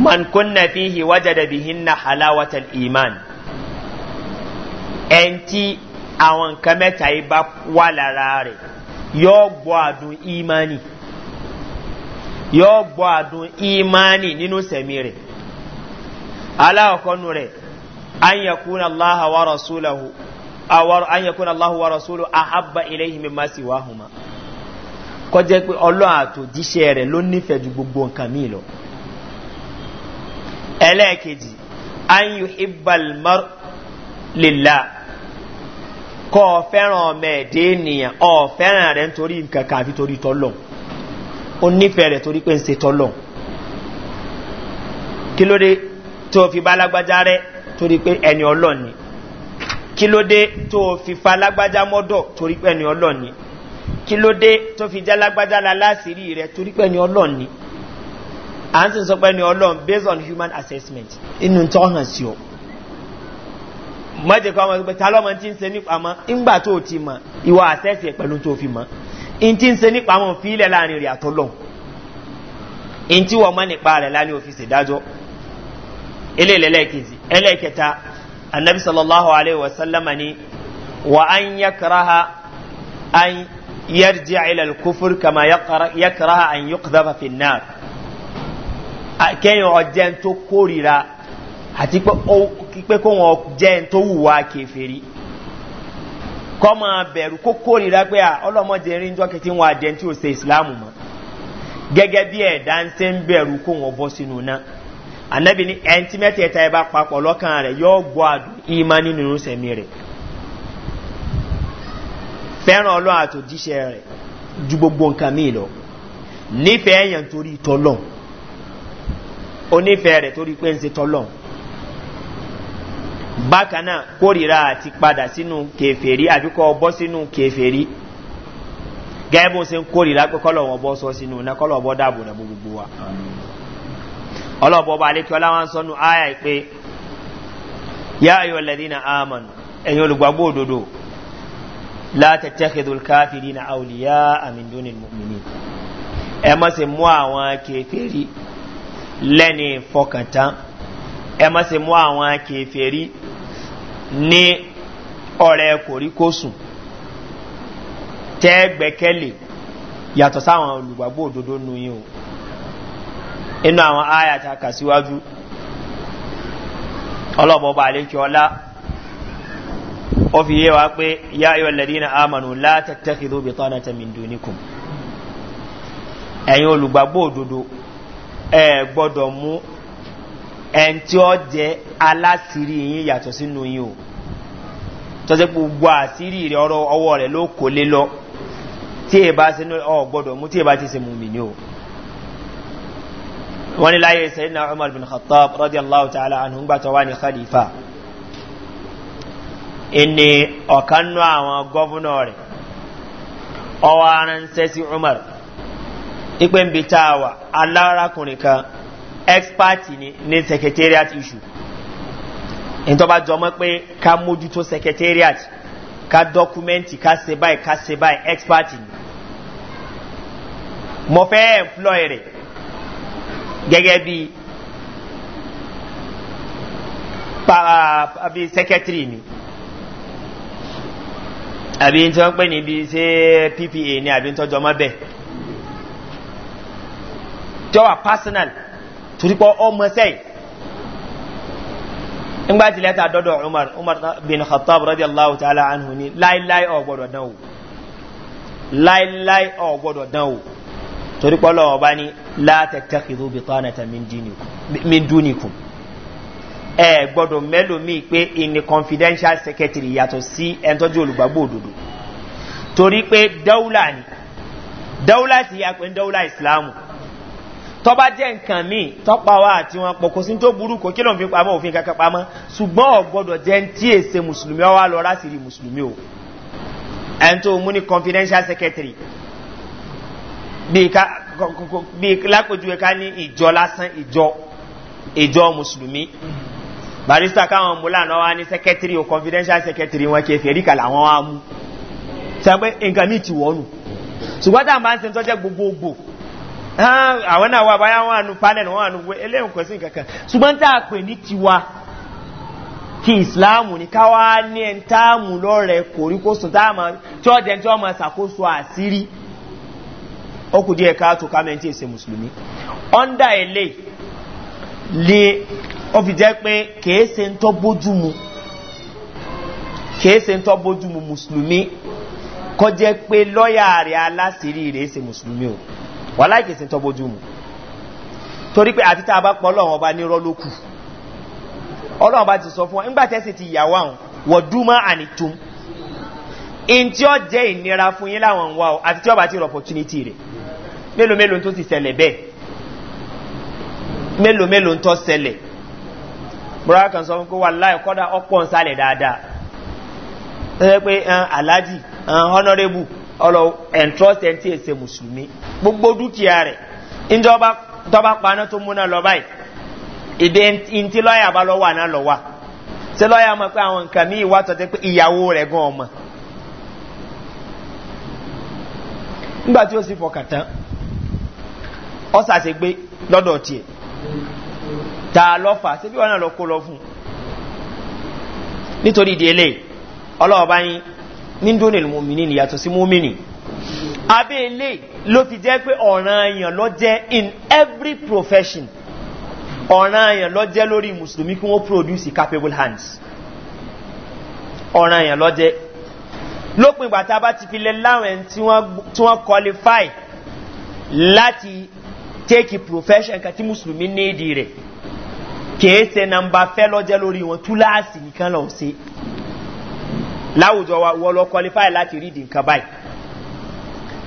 man kunna fihi wajada bihinna halawatal iman ẹnti àwọn nǹkan mẹ́ta yìí bá wà lára rẹ̀ yóò gbọ́ àdùn imani yóò gbọ́ àdùn imani nínú sẹ̀mí rẹ̀ aláwọ̀kọ́nu rẹ̀ an yakuna allah wa rasulahu an yakuna allah wa rasuluhu ahabba ilayhi mimma siwahuma. huma kọjẹ́ pé ọlọ́run àtòjíṣẹ́ rẹ̀ ló nífẹ̀ẹ́ ju gbogbo nǹkan míì lọ. ẹlẹ́ẹ̀kejì ayu ibalmar lila kọ́ ọ fẹ́ràn ọmọ ẹ̀dẹ́ ènìyàn ọ fẹ́ràn rẹ̀ nítorí nǹkan kan àfi torí tọ́lọ̀ ó nífẹ̀ẹ́ rẹ̀ torí pé ń ṣe tọ́lọ̀ kí ló dé tó fi bá alágbájá rẹ̀ torí pé ẹni ọlọ́ni kí ló dé tó fi fa alágbájá mọ́dọ̀ torí pé ẹni ọlọ́ni kí ló dé tó fi jálágbájá la láṣìírí rẹ̀ torí pé ni ọlọ́run ni à ń sì sọ pé ni ọlọ́run based on human assessment inú tó hàn sí ọ mọ́jẹ̀ kọ́ ọmọ ìgbẹ́ ta lọ́mọ tí ń se nípa mọ́ ńgbà tó ti mọ̀ ìwọ àṣẹ́sì ẹ̀ pẹ̀lú tó fi mọ́ in tí ń se nípa mọ́ fi ilẹ̀ láàrin rẹ̀ àtọ́lọ̀ in tí wọ́n mọ́ nípa rẹ̀ lálẹ́ òfin ṣèdájọ́ ilé ìlẹ́lẹ́kejì ẹlẹ́kẹta anabi sallallahu alayhi wa sallam ni wa yarji ilal kufur kama yakara an yukdaba fi nar kẹyìn ọjẹ́ tó kórira àti pé kó wọn jẹ́ tó wùwá kẹfẹ́rí kọ́ máa bẹ̀rù kó kórira pé ọlọ́mọdé rí njọ́ kẹtí wọn àjẹ́ tí ó ṣe ìsìláàmù mọ́ gẹ́gẹ́ bí ẹ̀dá ń ṣe ń bẹ̀rù kó wọn bọ́ sínú náà anabi ni ẹ̀ńtí mẹ́tẹ̀ẹ̀ta ẹ bá papọ̀ lọ́kàn rẹ̀ yóò gbọ́ àdùn ìmá nínú sẹ̀mí rẹ̀ fẹ́ràn ọlọ́run àtòjíṣẹ́ rẹ̀ ju gbogbo nǹkan míì lọ nífẹ̀ẹ́ yàn torí tọ́lọ̀ onífẹ̀ẹ́ rẹ̀ torí pé ń se tọ́lọ̀ bákan kórìíra àti padà sínú kẹfẹ́rí àbí kọ́ sínú kẹfẹ́rí gẹ́gẹ́ bó ń kórìíra pé kọ́lọ̀ wọn bọ́ sọ sínú kọ́lọ̀ dáàbò la tattakhidhu al-kafirina awliya min dunil mu'minin ẹ má se mú àwọn kèfèrí lẹ́ni fọkàntán ẹ má se mú àwọn kèfèrí ní ọ̀rẹ́ kòríkòsùn tẹ́ gbẹ́kẹ́lẹ̀ yàtọ̀ sáwọn olùgbàgbọ́ òdodo nu yín o inú àwọn áyà ta kà síwájú ọlọ́bọ̀ọ́bà àlékí ọlá ó fi yé wa pé yá ayọ̀ lẹ́dínà amànù látàtàkìdó bí tánàtà mìndóníkùn ẹ̀yin olùgbàgbọ́ òdodo ẹ gbọ́dọ̀ mú ẹn tí ó jẹ́ aláṣírí yín yàtọ̀ sínú yín o tọ́sẹ́ gbogbo àṣírí rẹ̀ ọ̀rọ̀ ọwọ́ rẹ̀ ló kò lé lọ tí ẹ bá sínú ọ gbọ́dọ̀ mú tí ẹ bá ti se mú mi ní o wọ́n ní láyé sẹ́yìn náà umar bin khattab radiyallahu ta'ala anhu ń gbàtọ̀ wá ní khalifa ìní ọ̀kanú àwọn gọ́vùnà rẹ̀ ọwọ́ aránṣẹ́ sí umar ipe ń bi tá a wà alárakùnrin kan expert ni ní secretariat issue ìtọ́ba jọmọ́ pé ká mójútó secretariat ká dọ́kúmẹ́ntì ká se báyìí ká se báyìí expert ni mo fẹ́ employ rẹ̀ gẹ́gẹ́ bí pa àbí secretary ni àbí tí wọ́n pè níbi ṣé ppa ní àbí tọ́jọ́ mọ́ bẹ́ẹ̀ tọ́wà personal torípọ̀ ọmọ sẹ́yìn nígbà tí lẹ́tà dọ́dọ̀ umar umar bin khattab radi allahu ta'ala anhu ni láíláí ọ̀gbọ́dọ̀ dán o láíláí ọ̀gbọ́dọ̀ dán o torípọ̀ lọ́wọ́ bá ní látẹ̀tẹ̀kìdó bitánata min dúnìkùn ẹ gbọdọ̀ mi pé ìní confidential secretary yàtọ̀ sí ẹ̀ńtọ́jú olùgbàgbọ́ òdodo torí pé dáúlà ni dáúlà sì yà pé dáúlà ìsìláàmù tọ́ba jẹ́ nǹkan míì tọ́pa wa àti wọn pọ̀ kò sí tó burú kò kí ló ń fi pamọ́ òfin kankan pamọ́ ṣùgbọ́n ọ̀gbọ́dọ̀ jẹ́ ń tí èsè mùsùlùmí ọwọ́ lọ rásìrì mùsùlùmí o ẹni tó mú ní confidential secretary bíi lápòjúwe ká ní ìjọ lásán ìjọ ìjọ mùsùlùmí barista káwọn mú lánàá wá ní secretary o confidential secretary wọn kì í fẹ́ ríkà làwọn wá mú sẹ́gbẹ́ nǹkan míì ti wọ́nù ṣùgbọ́n tá à ń bá ń sẹ́ńtọ́ jẹ́ gbogbogbò àwọn náà wà báyà wọn àánú panel wọn àánú eléyìí kò sí nǹkan kan ṣùgbọ́n tá a pè ní tiwa kí ìsìláàmù ní káwá ní ẹ̀ ń táàmù lọ́rẹ̀ kòríkòsò táàmù tí ọ̀dẹ̀ tí wọ́n máa ṣàkóso àṣírí ó kù díẹ̀ káàtó kámẹ́ntì ẹ̀sẹ̀ mùsùlùmí under ele le ó fi jẹ́ pé kèé se ń tọ́ bójú mu kèé se ń tọ́ bójú mu mùsùlùmí kọ́ jẹ́ pé lọ́ọ̀yà rẹ̀ aláṣírí rẹ̀ ṣe mùsùlùmí o wà láì kèé se ń tọ́ bójú mu torí pé àti tá a bá pọ̀ ọlọ́run ọba ní rọ́lókù ọlọ́run ọba ti sọ fún wa ńgbà tẹ́sí ti yà wá wọ̀dúmọ́ ànìtún ntí ọ jẹ́ ìnira fún yín láwọn ń wá o àti tí ọba ti rọ opportunity rẹ̀ mélòó mélòó tó ti ṣẹlẹ̀ bẹ́ẹ̀ mélòó mélòó tó ṣẹlẹ̀ bọ́lá kan sọ fún pé wà láì kọ́dà ọ̀pọ̀ nsàlẹ̀ dáadáa eh, eh, ẹ jẹ́ pé aláàjì honorable ọlọ entrust tí gbogbo dúkìá rẹ̀ ìjọba paná tó múná lọ báyìí ìdè ntí lọ́ọ̀yà bá lọ́wọ́ àná lọ́wọ́ tí lọ́ọ̀yà mọ̀ pé àwọn nǹkan míì wà tọ́jú pé ìyàwó rẹ̀ gan ọmọ nígbà tí ó sì ọ lọ́dọ̀ tiẹ̀. ta lọ́fà síbí wọn náà lọ kó lọ fún nítorí ìdí ẹlẹ́ ọlọ́ọ̀bá yín ní dónìlì mòmìnì ni yàtọ̀ sí mòmìnì abẹ́ ilé ló fi jẹ́ pé ọ̀ràn èèyàn lọ jẹ́ in every profession ọ̀ràn èèyàn lọ jẹ́ lórí mùsùlùmí kí wọ́n produce capable hands ọ̀ràn èèyàn lọ jẹ́ lópin ìgbà tá a bá ti fi lẹ láwọn ẹni tí wọ́n qualify láti take a profession kan tí mùsùlùmí ní èdè rẹ̀ kìí ṣe nàmbà fẹ́ lọ́jẹ́ lórí wọn túláàsì nìkan lọ́n ṣe láwùjọ wa wọ́n lọ kọlifáì láti rí ìdí nǹkan báyìí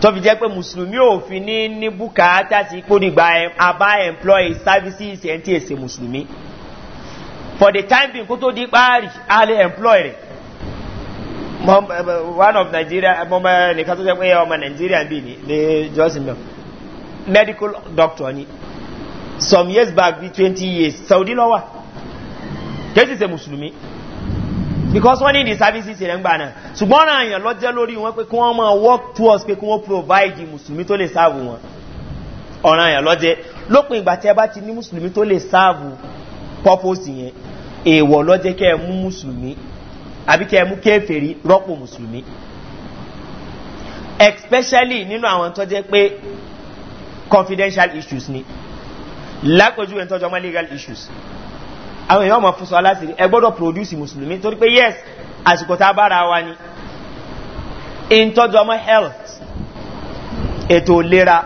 tọ́fi jẹ́ pé mùsùlùmí òfin ní ní bùkátà sí kódìgbà abá employ services ẹ̀ ń tí èsè mùsùlùmí for the time being kó tó di páàrì á employ rẹ̀ one of nigeria mọ́mọ́ nìkan tó jẹ́ pé ọmọ nigeria bíi ní jọ́sìn náà medical doctor ni some years back be twenty years saudi lọ́wà kẹ́sì ṣe mùsùlùmí because wọ́n ní the services rẹ̀ ń gbà náà ṣùgbọ́n náà yàn lọ́jẹ́ lórí wọn pé kí wọ́n máa work towards pé kí wọ́n provide mùsùlùmí tó lè sáàbù wọn ọ̀ràn yàn lọ́jẹ́ lópin ìgbà tí a bá ti ní mùsùlùmí tó lè sáàbù purpose yẹn èèwọ̀ lọ́jẹ́ kẹ́ ẹ mú mùsùlùmí àbí kẹ́ ẹ mú kéfèrí rọ́pò mùsùlùmí especially nínú àwọn tó jẹ́ pé confidential issues ni lápẹjú ẹ̀ tọ́jọ́ mọ́ legal issues àwọn èèyàn ọmọ fún sọ aláṣìírí ẹ gbọ́dọ̀ produce mùsùlùmí torí pé yes àsìkò tá a bára wa ni ìtọ́jọ́ mọ́ health ètò ìlera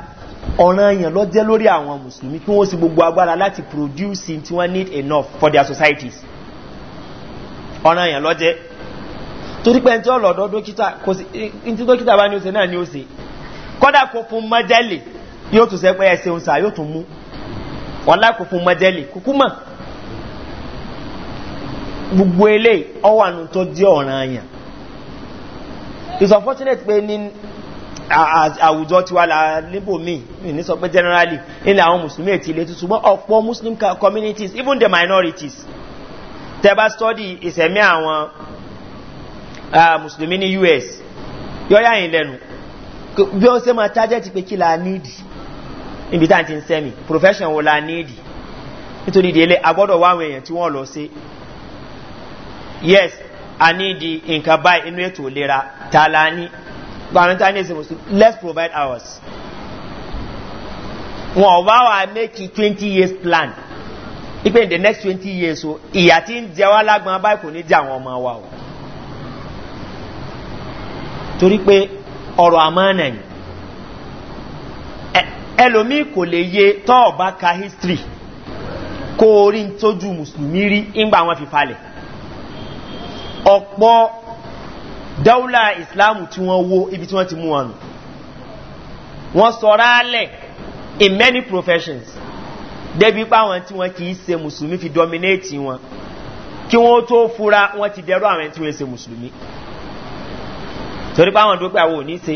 ọ̀ràn èèyàn lọ jẹ́ lórí àwọn mùsùlùmí kí wọ́n sì gbogbo agbára láti produce tí wọ́n need enough for their societies ọ̀ràn èèyàn lọ jẹ́ torí pé ẹ̀ntí ọ̀lọ́dọ̀ dókítà kò sí ní dókítà bá ní ó se náà ní ó se kọ́dà kó fún mọ́jẹ́lì yóò tún sẹ́pẹ́ ẹ̀sẹ̀ òǹsà yóò tún mú wàlá kò fún mọ́jẹ́lì kúkú mọ̀ gbogbo ilé ọwànú tó jẹ́ ọ̀ràn àyàn it's unfortunate pé ní àwùjọ tiwa la níbò míì ní sọ pé generally ilẹ̀ àwọn mùsùlùmí ètí ilé tuntun mọ́ ọ̀pọ̀ muslim communities even the minorities tẹ́bá study ìsẹ̀mí àwọn mùsùlùmí ní us yọ́yá yìí lẹ́nu bí wọ́n ṣe máa target pé kí la nídìí níbi tá à ń ti ń sẹ́mi profession wo la níìdì nítorí ìdílé agbọ́dọ̀ wá àwọn èèyàn tí wọ́n lọ sí yes a níìdì nǹkan báyìí inú ètò ìlera ta la ní gbàmí tá ní ìsinmi let's provide ours. wọn ò bá wa make twenty years plan ipe in the next twenty years o ìyá tí ń jẹ wá lágbọn báyìí kò ní jẹ àwọn ọmọ wa o torí pé ọ̀rọ̀ àmọ́ nàní ẹlòmíì kò lè ye tọ́ọ̀bá ka history kó orí ń tójú mùsùlùmí rí ńgbà wọn fi falẹ̀ ọ̀pọ̀ dáúlà ìsìláàmù tí wọ́n wo ibi tí wọ́n ti mú wọn nù wọ́n sọ̀rọ̀ alẹ̀ in many professions débi páwọn tí wọ́n kì í se mùsùlùmí fi dominate wọn kí wọ́n tó fura wọ́n ti dẹrọ àwọn tí wọ́n se mùsùlùmí torí páwọn dópẹ́ àwọn ò ní se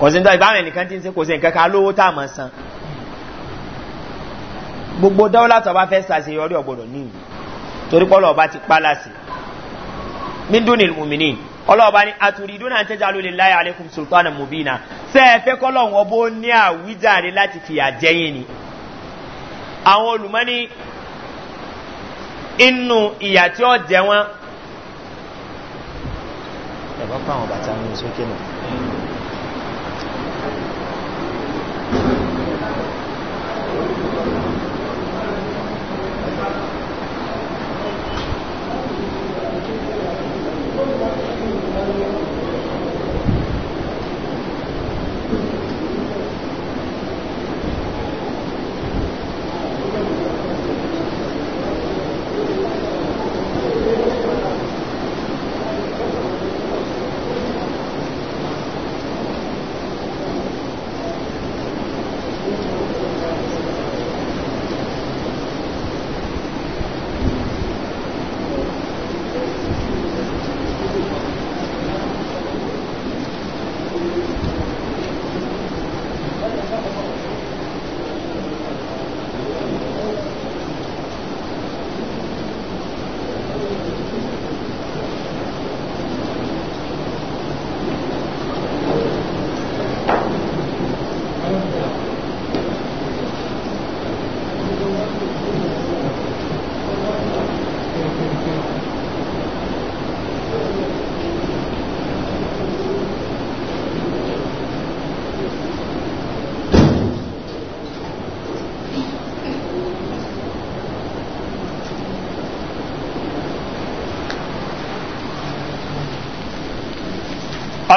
kọ̀síntọ́ ìbáwọn ẹnìkan tí ń se kò sí nǹkankan lówó tá a mọ̀ san gbogbo dáwọ́lá tó bá fẹ́ sàṣe yọrí ọ̀gbọ̀dọ̀ níyì torí pọ́lọ̀ ọba ti pálásì mídúnì mùmìnì ọlọ́ọ̀bá ni àtúrídún náà ń tẹ́jà lólè láyé aleikum sultana mubina ṣe é fẹ́ kọ́lọ̀ wọn bó ní àwíjàre láti fìyà jẹ́yìn ni àwọn olùmọ́ni inú ìyà tí ó jẹ wọn. ẹ̀bọ́n pa àwọn bàtà ní sókè náà.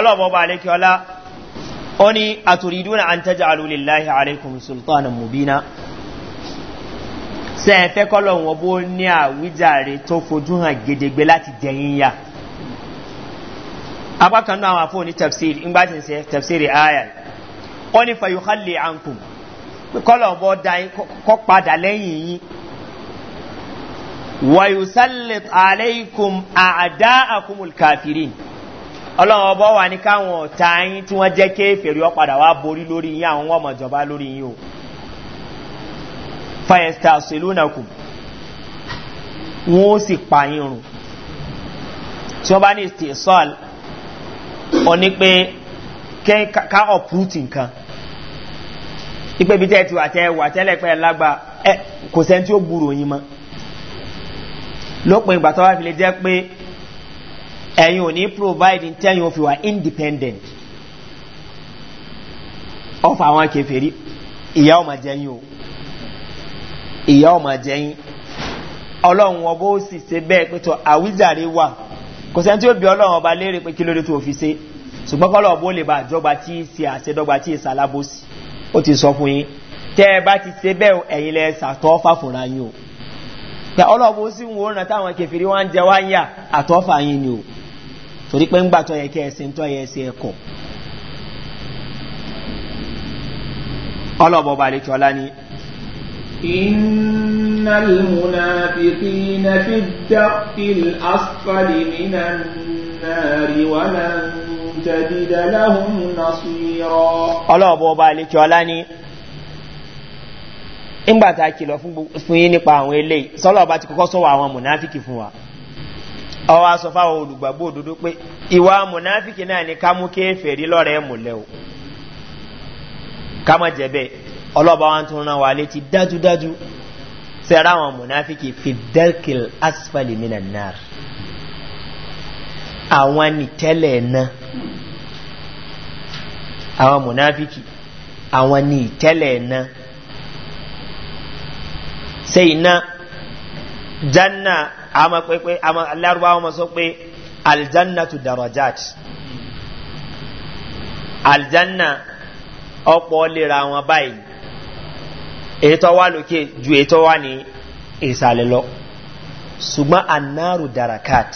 ọlọ́ọ̀bọ̀ bá lẹ́kí ọlá ó ní àtòrídúnà à ń tẹ́jà alúlélàhì aláìkùn sultana mubina sẹ ẹ fẹ́ kọ́lọ̀ wọn bó ní àwíjàre tó fojú hàn gedegbe láti dẹ̀yìn ya apákan náà àwọn afọ́ ní tafsiri ńgbà tí ń sẹ tafsiri ayan ọlọ́run ọbọ̀ wà ní káwọn ọ̀tá yín tí wọ́n jẹ́ kéfèrè ọ̀padà wá borí lórí yín àwọn ọmọ ìjọba lórí yín o fayesta selonakun wọn ó sì pa yín rùn tí wọ́n bá ní stisol ọ ní pé ká ọ̀pùtì nǹkan ipe bí tẹ́ẹ̀ wà tẹ́ẹ̀ wà tẹ́lẹ̀ pẹ́ lágbà kò sẹ́ni tí ó burú yín mọ́ lópin ìgbà tó wá fi lè jẹ́ pé ẹ̀yin ò ní provide if you are independent of our kẹfẹ́rí ìyá ọmọ jẹyìn o ìyá ọmọ jẹyìn ọlọ́run ọba ó sì ṣe bẹ́ẹ̀ pé tọ́ àwíjàre wà kò sẹ́ni tí ó bí ọlọ́run ọba léèrè pé kí lóde tó fi ṣe ṣùgbọ́n kọ́lọ̀ ọba ó lè bá àjọba tí í ṣe àṣedọ́gba tí í ṣàlábòsì ó ti sọ fún yín tẹ́ ẹ bá ti ṣe bẹ́ẹ̀ ẹ̀yin lẹ ṣàtọ́ fàfúnra yín o tẹ ọlọ́run ó sì ń wòran táwọn kẹfìrí wá ń jẹ wá ń yà àtọ́fà yín ni o. torí pé ńgbà tó yẹ kí ẹsìn tó yẹ ẹsìn ẹkọ ọlọ́bọ̀ balẹ̀ tí ọlá ni. na fi dákìl asfali nínà nàrí wà na jẹ́dídà láhùn ọlọ́bọ̀ balẹ̀ tí ọlá ni tá a kìlọ̀ fún ti kọ́kọ́ àwọn fún wa. ọwọ́ aṣọ fáwọn olùgbàgbọ́ òdodo pé ìwà mùnáfíkì náà ni ká mú kéfèrí lọ́rẹ̀ẹ́ mùlẹ́ o ká mọ̀ jẹ́ bẹ́ẹ̀ ọlọ́ba wa tún rán wa létí dájúdájú sẹ́ra àwọn mùnáfíkì fidelkil asfali minan nar àwọn nìtẹ́lẹ̀ náà àwọn mùnáfíkì àwọn nìtẹ́lẹ̀ náà sẹ́yìn náà janna ama pepe ama larubawa ma sọ pé aljannatu darajat aljanna ọ̀pọ̀ lera wọn báyìí èyí tó wà lókè ju èyí tó wà ní ìsàlẹ̀ lọ ṣùgbọ́n anáàrù darakat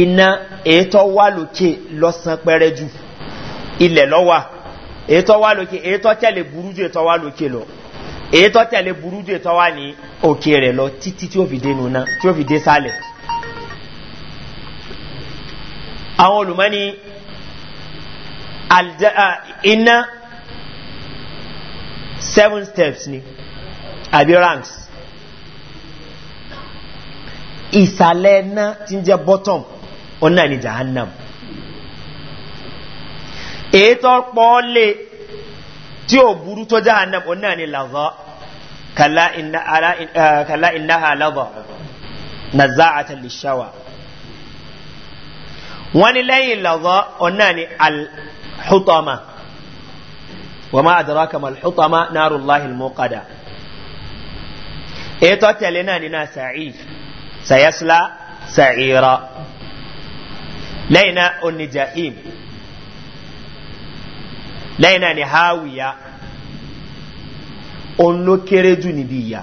iná èyí tó wà lókè lọ́sàn pẹ́rẹ́ jù ilẹ̀ lọ́wà èyí wà lókè èyí tó burú ju èyí wà lókè lọ. Lo èyí tó tẹ̀lé burú jù tó wà ní òkè rẹ̀ lọ títí tí ó fi dé nùnà tí ó fi dé sálẹ̀ àwọn olùmọ́ni iná seven steps ni àbí ranks ìsàlẹ̀ iná tí ń jẹ́ bottom ọ̀nà ni jahannam èyí tó pọ̀ lé tí ó burú tó jahannam òun náà ni làzọ́ kàlá ìnáhà làzọ́ nàzá àtàlìṣàwà wọ́n ni lẹ́yìn làzọ́ òun náà ni alhutama wọ́n máa dọ̀rọ̀ kàmà alhutama náà rúláhìl mọ́kàdà ètò tẹ̀lé náà ni náà sàáì sayasla sàíra lẹ́yìn náà òun lẹ́yìn náà ni hawiya òun ló kéré jù níbi ìyá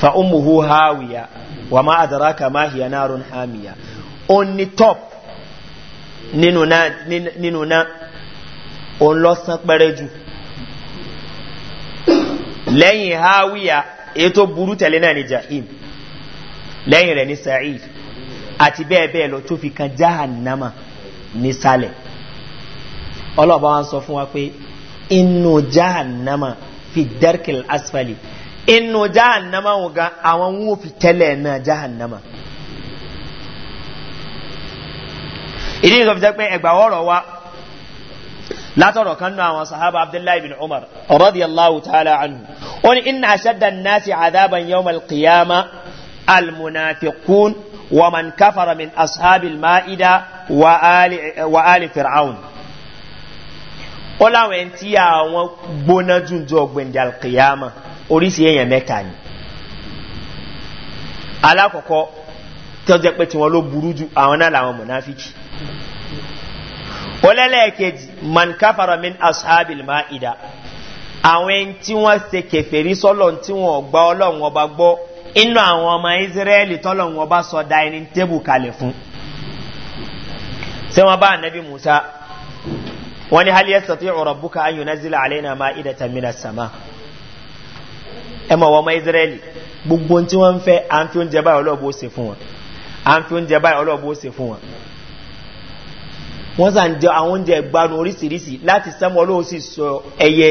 fa umuhu hawiya wa ma adaraka ma hiya narun hamiya òun ni top nínú náà nínú náà òun lọ sán pẹ́rẹ́ jù lẹ́yìn hawiya èyí tó burú tẹ̀lé náà ni jahim lẹ́yìn rẹ̀ ni sa'id àti bẹ́ẹ̀ bẹ́ẹ̀ lọ tó fi kan jahannama nísàlẹ̀ ọlọ́ọ̀bá wa sọ fún wa pé inú jahannama fi dẹ́rkìl asfali inú jahannama wọn gan àwọn wọn fi tẹ́lẹ̀ náà jahannama. ìdí nìkan fi jẹ́ pé ẹgbà ọ̀rọ̀ wa látọ̀rọ̀ kan náà àwọn sahaba abdullahi bin umar radiyallahu ta'ala anhu ó ní inna aṣadda nasi adaban yawm al-qiyama al-munafiqun wa man kafara min ashabil ma'ida ó láwọn ẹni tí àwọn gbóná jújọ ọgbẹ̀ndì alkiyama oríṣi èèyàn mẹ́ta ni alákọ̀ọ́kọ́ tó jẹ́ pé tiwọn ló burú ju àwọn náà làwọn mọ̀náfíkì ọlẹ́lẹ́ẹ̀kejì mankafaramin ashabil ma'ida àwọn ẹni tí wọ́n se kẹfẹ́rí sọ́lọ̀ tí wọ́n gba ọlọ́run ọba gbọ́ inú àwọn ọmọ israẹli tọ́lọ́run ọba sọ da ẹni tébù kalẹ̀ fún ṣé wọ́n bá anabi musa wọ́n ní hali yastati rabbuka an yunazila alaina ma'idatan minas sama ẹ mọ̀ wọ́n mọ israẹli gbogbo tí wọ́n ń fẹ́ à ń fi oúnjẹ báyìí ọlọ́ọ̀bù ó se fún wọn à fi oúnjẹ báyìí ọlọ́ọ̀bù ó se fún wọn wọ́n sàn jẹ àwọn oúnjẹ ìgbanu oríṣiríṣi láti sẹ́mu ọlọ́run sì sọ ẹyẹ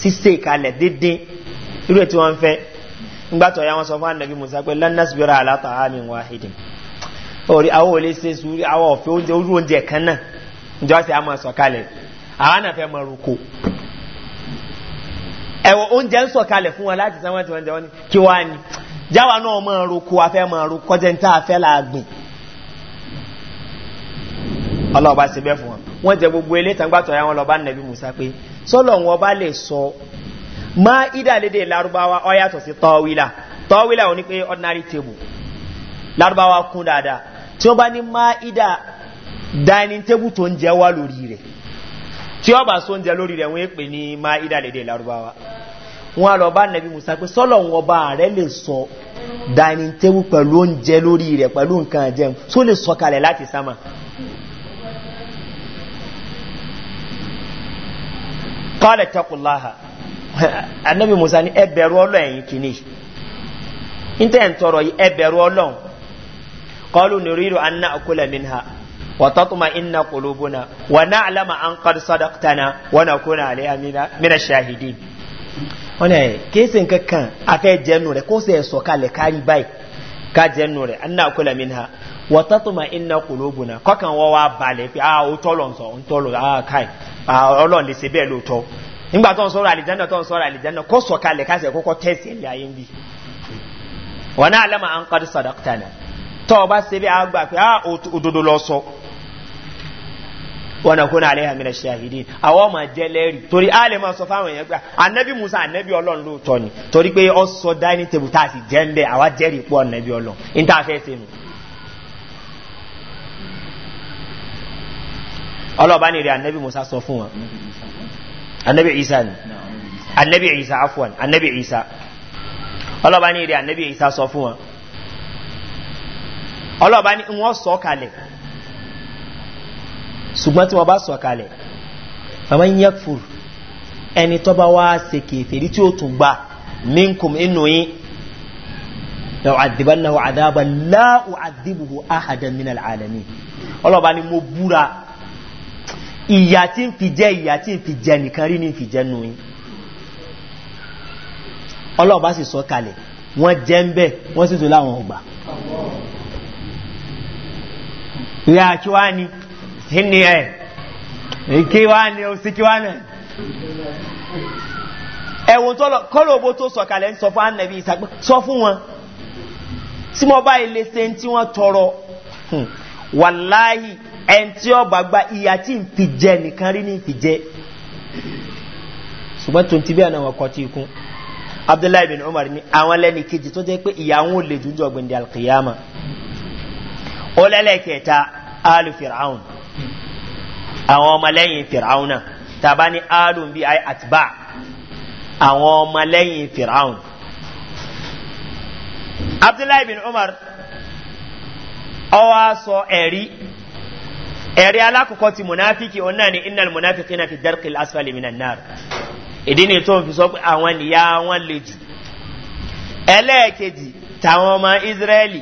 ṣíṣe ìkalẹ̀ dídín irú ètò wọn fẹ́ ńgbà ya wọn sọ fún anabi musa pé lannas bíra aláta àmì wahidin orí àwọn ò ṣe sùúrù àwọn ọ̀fẹ́ oúnjẹ oúnjẹ kan náà jọ́sí a máa sọ̀kalẹ̀ àwọn náà fẹ́ máa roko ẹ̀wọ̀ oúnjẹ ń sọ̀kalẹ̀ fún wa láti sáwọn tí wọ́n jẹun kí wá ní jáwa náà máa roko afẹ́ máa roko kọjá ní tá a fẹ́ làágbìn ọlọ́ọ̀bá ṣe bẹ́ẹ̀ fún wọn wọ́n jẹ gbogbo ilé tangbàtọ̀ ya wọn lọ bá musa pé sọ́lọ̀ wọn bá lè sọ má ìdàlédè larubawa ọyàtọ̀ sí tọ́wílà tọ́wílà ò ní pé ordinary table larubawa kún dáadáa tí wọ́n bá ní má ìdà dining table tó ń jẹ wá lórí rẹ̀ tí ó bá sóúnjẹ lórí rẹ̀ wọ́n ń pè ní má ìdàlédè larubawa wọ́n á lọ bá nàbí musa pé sọ́lọ̀ wọn bá rẹ̀ lè sọ dining table pẹ̀lú oúnjẹ lórí rẹ̀ pẹ̀lú nǹkan jẹun tó lè sọ kalẹ̀ láti sáma. kọ́lẹ̀ tẹkùláhà anabi musa ní ẹbẹ̀rù ọlọ́ ẹ̀yìn kìíní ní tẹ̀ ń tọrọ yìí ẹbẹ̀rù ọlọ́ kọ́lù nìrírò anna akúlẹ̀ وتطمئن قلوبنا ونعلم أن قد صدقتنا ونكون عليها من الشاهدين ọ̀nà ẹ̀ kéèsì nkankan afẹ́ jẹnu rẹ̀ kó sẹ̀ sọ̀kalẹ̀ kárí báyìí ká jẹnu rẹ̀ anáàkúlẹ̀ mi ha wọ́tọ́tùmá iná kòlóbùnà kọ́kàn wọ́n wá balẹ̀ pé ah ó tọ́lọ̀ nsọ̀ ń tọ́lọ̀ ah káì ah ọlọ́run lè ṣe bẹ́ẹ̀ lóòótọ́ nígbà tó ń sọ̀rọ̀ àlìjáná tó ń sọ̀rọ̀ àlìjáná kó sọ̀kalẹ̀ ká sẹ̀ kókó tẹ̀sí ẹ̀lẹ́ ayé ń bì wọ́n náà lẹ́mọ̀ à ń kọ́ wọn náà kó náà aléhà mìíràn ṣàhìdí àwọn ọmọ jẹ lẹ́rì torí a lè máa sọ fáwọn èèyàn gbà anabi musa anabi ọlọ́run lóòótọ́ ni torí pé ọ sọ dáínì tèbù tá a sì jẹ́ ń bẹ́ àwa jẹ́rìí pọ̀ anabi ọlọ́run ní fẹ́ sẹ́nu. ọlọ́ọ̀bá ni rẹ̀ musa sọ fún wọn anabi isa ni anabi isa afuwan anabi isa ọlọ́ọ̀bá ni rẹ̀ anabi isa sọ fún wọn ọlọ́ọ̀bá ni wọ́n sọ kalẹ̀ ṣùgbọ́n tí wọ́n bá sọ̀kalẹ̀ àmọ́ ń yẹ́kfù ẹni tó bá wá ṣe kèfèrí tí ó tún gbà minkum inú yín yàwó àdìbánáwó àdáàbà láwù àdìbòhò áhàdà mìíràn àlàmì ọlọ́ba ni mo búra ìyà tí ń fi jẹ́ ìyà tí ń fi jẹ nìkan rí ní fi jẹ́ nù yín ọlọ́ba sì sọ kalẹ̀ wọ́n jẹ́ ń bẹ́ wọ́n sì tó láwọn ọgbà ìyà kí ni. Hindi eh. Ikiwa ni usikiwa ni. Ẹ̀wọ̀n tó lọ kọ́lọ̀ owó tó sọ̀kalẹ̀ ń sọ fún ànàbí ìsàgbọ́ sọ fún wọn. Tí mo bá ilé ṣe tí wọ́n tọrọ hmm, wàláyì ẹni tí ọba gba ìyá tí ń fi jẹ nìkan rí ní fi jẹ. Ṣùgbọ́n tó bí àná wọn kọ́ tí ikú. Abdullahi bin Umar ni àwọn lẹ́ni kejì tó jẹ́ pé ìyá wọn ò lè dúdú ọ̀gbìn di alkiyama. Ó lẹ́lẹ́kẹ̀ẹ́ta Alu Fir'aun àwọn ọmọlẹ́yìn fìràwùnà tàbá ní alùn bíi àtibá àwọn ọmọlẹ́yìn fìràwùn. abdullahi bin umar ọwọ́ sọ ẹ̀rí ẹ̀rí alákọ̀ọ́kọ́ ti munafiki òun náà ni innal munafiki na fi darkil asfali minan nar ìdí ni tó fi sọ pé àwọn nìyá wọn le jù ẹlẹ́ẹ̀kejì tàwọn ọmọ israẹli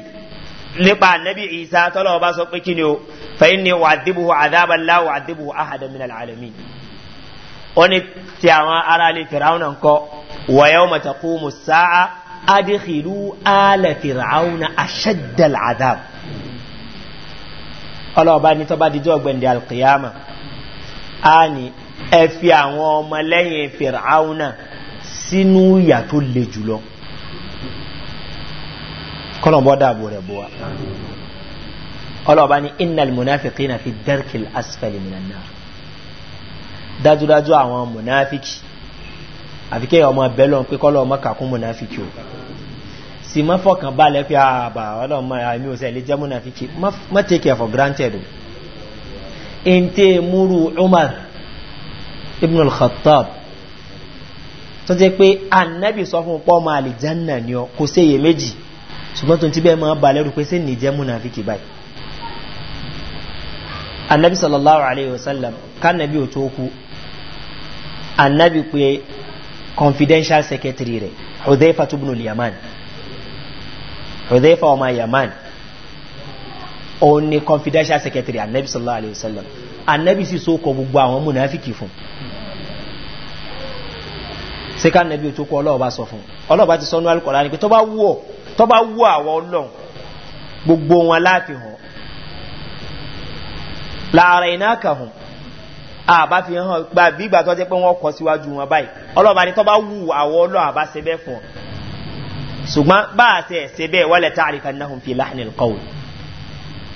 nípa anabi isa tọ́lọ́ ọba sọ pé kí ni o fẹ́yìn ni wà á dìbò àdábà láwà á dìbò àhàdà mi nàlẹ́ àlẹ́ mi. ó ní ti àwọn ará ilé fìràwùnà ńkọ wàyẹ̀ ọmọ takú musa'a adìkìlú alẹ́ fìràwùnà àṣẹ́dẹ̀lẹ̀ àdábà ọlọ́ọ̀bá ní tọ́ba díjọ́ ọ̀gbẹ̀ndẹ̀ alkiyama a ní ẹ fi àwọn ọmọ lẹ́yìn fìràwùnà sínú ìyà tó jùlọ kọ́lọ̀n bọ́ dáàbò rẹ̀ bọ́ wa ọlọ́ọ̀bá ni innal munafiki na fi darkil asfali minan náà dájúdájú àwọn munafiki àfi kéèyàn ọmọ bẹ́lọ̀ pé kọ́lọ̀ ọmọ kàkún munafiki o sì má fọkàn balẹ̀ pé àbà ah, ọlọ́mọ àmì òsè lè jẹ́ munafiki má take care for granted o ente muru umar ibn al-khattab tó jẹ́ pé annabi sọ fún pọ́ máa lè jẹ́ nà ni ọ kò séye méjì ṣùgbọ́n tó ti bẹ́ẹ̀ máa bà lẹ́rù pé sí ní jẹ́ múnafíkì báyìí annabi sallallahu alayhi wa sallam kánàbí ò tó kú annabi pé confidential secretary rẹ̀ hudhaifa tubnul yaman hudhaifa ọmọ yaman òun ni confidential secretary annabi sallallahu alayhi wa sallam annabi sì so kọ gbogbo àwọn múnafíkì fún ṣé kánàbí ò tó kú ọlọ́ọ̀bá sọ fún ọlọ́ọ̀bá ti sọ ní alukọ̀lá ni pé tó bá wù ọ́ Tọba wú àwọn gbogbo wọn láti hàn láàrẹ iná kàhùn àbá fi hàn gba bí ìgbà tó jẹ́ pé síwájú wọn báyìí ọlọ́ba ni tó wú àwọn àbá a ṣe ṣe bẹ́ẹ̀ wọ́n lè sebe náà fi láhìnì kọ́wé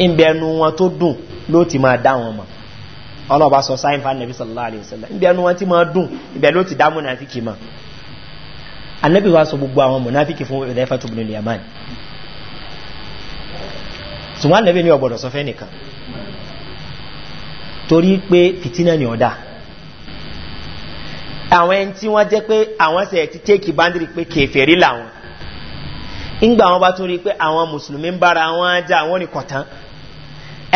ìbẹ̀nu wọn tó dùn ló ti máa dá wọn mọ̀ sọ sáyẹn anabi sallallahu alayhi wa sallam ìbẹ̀nu wọn ti máa dùn ìbẹ̀ ló ti dá anabi wa sọ gbogbo àwọn mọ̀náfíkì fún ìdáyẹ́fà tó bìnrin yaman tí wọ́n anabi ní ọgbọ̀dọ̀ sọ fẹ́ nìkan torí pé fìtínà ni ọ̀dà àwọn ẹni tí wọ́n jẹ́ pé àwọn ṣe ti tẹ́kì báńdìrì pé kẹfẹ́rí làwọn ńgbà wọn bá tún rí pé àwọn mùsùlùmí ń bára wọn ajá àwọn ní kọ̀tán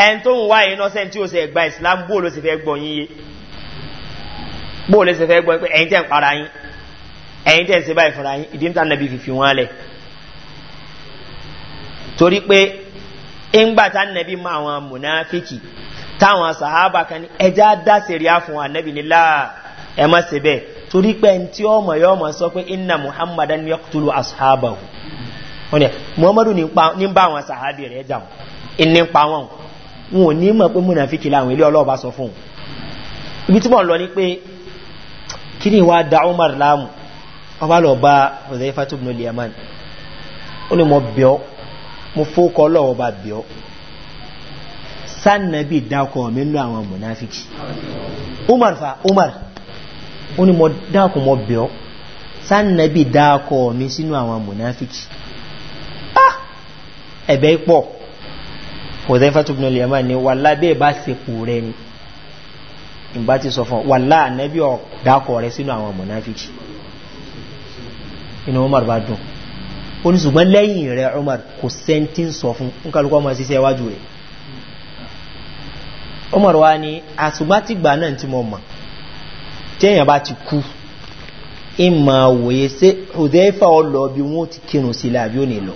ẹni tó ń wá ìnáṣẹ́ tí ó ṣe ẹ̀gbà ìsìlámù bóòlù sì fẹ́ gbọ́ yín yé bóòlù sì fẹ́ gbọ́ yín pé ẹ̀yin tẹ́ ń para yín ẹ̀yin tẹ̀ ń se báyìí fúnra yín ìdí ń tà nàbí fífi wọn lẹ̀ torí pé ńgbà tá nàbí mọ àwọn mùnáfíkì táwọn sàhábà kan ní ẹja dá sẹ̀ríà fún nílá ẹ má se bẹ́ẹ̀ torí pé ẹni tí ọmọ yọ ọmọ sọ pé inna muhammadan yaqtulu ashabahu wọn muhammadu bá àwọn sàhábì jà wọn wọn ni pé kí ni wàá wọ́n bá lọ bá ọ̀dẹ́fà tó bìnú liaman ó ní mo bíọ́ mo fókọ́ lọ́wọ́ bá bíọ́ sánàbí dákọ̀ mínú àwọn mùnáfíkì umar fa umar ó ní mo dákọ̀ mo bíọ́ sánàbí dákọ̀ mi sínú àwọn mùnáfíkì ah ẹ̀bẹ̀ pọ̀ ọ̀dẹ́fà tó bìnú liaman ni wà lábẹ́ bá sepò rẹ ni ìbá ti sọ fún wà láà nẹ́bí ọ̀dákọ̀ rẹ inú umar bá dùn ó ní ṣùgbọ́n lẹ́yìn rẹ̀ umar kò sẹ́ntí sọ fún nkálukọ́ ọmọ síse iwájú rẹ̀ umar wa ni àṣùgbátìgbà náà tí mo mọ̀ tẹ́yìn bá ti kú ìmọ̀ òwòye sí hùdẹ́fà ọlọ́ bí wọ́n ti kírun sí láàbí ò ní lọ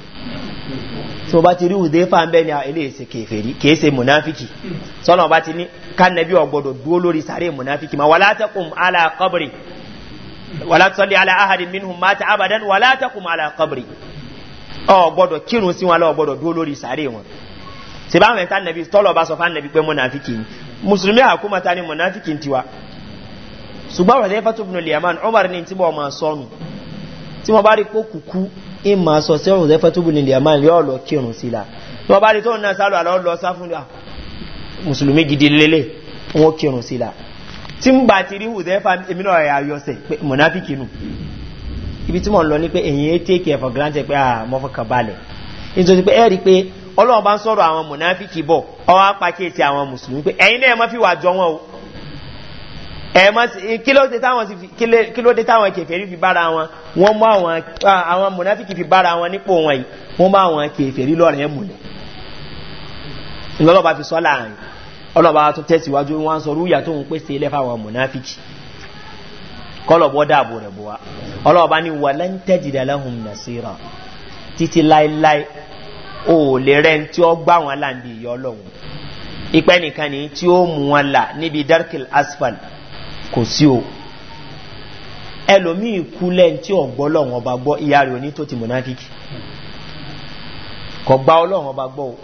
tí o bá ti rí hùdẹ́fà ń bẹ́ ní ilé ìsìn kèfèrí kèése munafiki sọ́nà ọba ti ní kánàbí ọgbọ̀dọ̀ dúó lórí sáré munafiki ma wà látẹ́kùn aláàkọ́bìnrin wàlá sọ́lé alá ahàdì mínú máta abadan wàlá takùn alá kọ́bìrì ọ gbọ́dọ̀ kírun sí wọn lọ gbọ́dọ̀ dúró lórí sàárè wọn sèbá àwọn ẹ̀ta nàbí tọ́lọ̀ bá sọ fánàbí pé mọ́nàfíkì ni mùsùlùmí àkómọ́ta ni mọ́nàfíkì tiwa ṣùgbọ́n wọ́n fẹ́ tó bùnú liaman umar ní tí wọ́n máa sọnù tí wọ́n bá rí kó kùkú ẹ̀ máa sọ sí ọ̀rùn fẹ́ tó bùnú liaman yóò lọ kírun sí la tí wọ́n bá rí tó ń náà sálọ tí ń bá ti rí hùzẹ́fà èmi náà rẹ̀ àyọ̀sẹ̀ pé mọ̀náfíkì nù ibi tí mọ̀ ń lọ ní pé èyí é tèkì ẹ̀fọ̀ granted pé àmọ́fọ̀kàn ah, balẹ̀ nítorí pé ẹ̀rí pé ọlọ́run bá ń sọ̀rọ̀ àwọn mọ̀náfíkì bọ̀ ọwọ́ apákéètì àwọn mùsùlùmí pé ẹ̀yin náà mọ́ fi wà jọ wọn o kí ló dé táwọn kẹfẹ́rí fi bára wọn wọ́n mú àwọn mọ̀náfíkì fi bára wọn nípò ọlọ́ba tó tẹ̀síwájú wọn sọ rúyà tó ń pèsè ilẹ̀ fáwọn mọ̀náfíkì kọlọ̀bọ̀ dáàbò rẹ̀ bọ̀ wá ọlọ́ba ni wà lẹ́ńtẹ́jìdá lẹ́hùn nàṣírà títí láéláé o lè rẹ́ tí ó gbá wọn láǹdì ìyọ́ ọlọ́run nìkan ni tí ó mú wọn là níbi darkil asphalt kò sí o ẹlòmíì kú lẹ́ni tí ọ̀gbọ́ lọ́wọ́n ọba gbọ́ ìyá rẹ̀ oní tó ti mọ̀náfíkì kọ̀ gbá ọlọ́wọ́n ọba gbọ́ o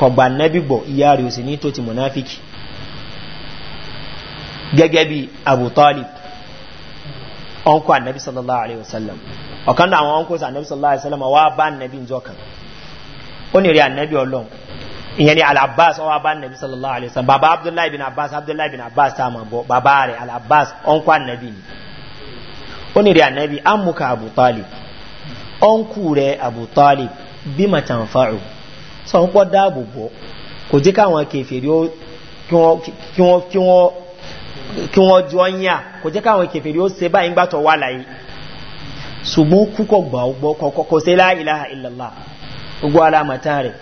kọgbà nẹ́bí gbọ̀ ìyá rẹ̀ òsì ní tó ti mọ̀náfíkì gẹ́gẹ́ bí abutalib ọkọ̀ ànẹ́bí sallallahu alaihi wasallam. sallam ọ̀kan náà àwọn ọkọ̀ ànẹ́bí sallallahu alaihi wasallam sallam wá bá ànẹ́bí njọ́ kan ó nìrí ànẹ́bí ọlọ́run ìyẹn ni alabbas ọwọ́ bá ànẹ́bí sallallahu alaihi wasallam. sallam baba abdullahi bin abbas abdullahi bin abbas tá baba rẹ̀ alabbas ọkọ̀ ànẹ́bí ni ó nìrí ànẹ́bí amuka abutalib ọkọ̀ rẹ̀ abutalib bí màtàǹfààrù sọ̀rọ̀ pọ̀ dáàbò bò kò jẹ́ káwọn kèfèrí kí wọ́n jọ yàn kò jẹ́ káwọn kèfèrí ó se báyìí gbàtọ̀ wà láyé ṣùgbọ́n kúkọ̀ gbà ọgbọ́ kọ̀kọ́ sí láìláha ìlàlá gbogbo alamata rẹ̀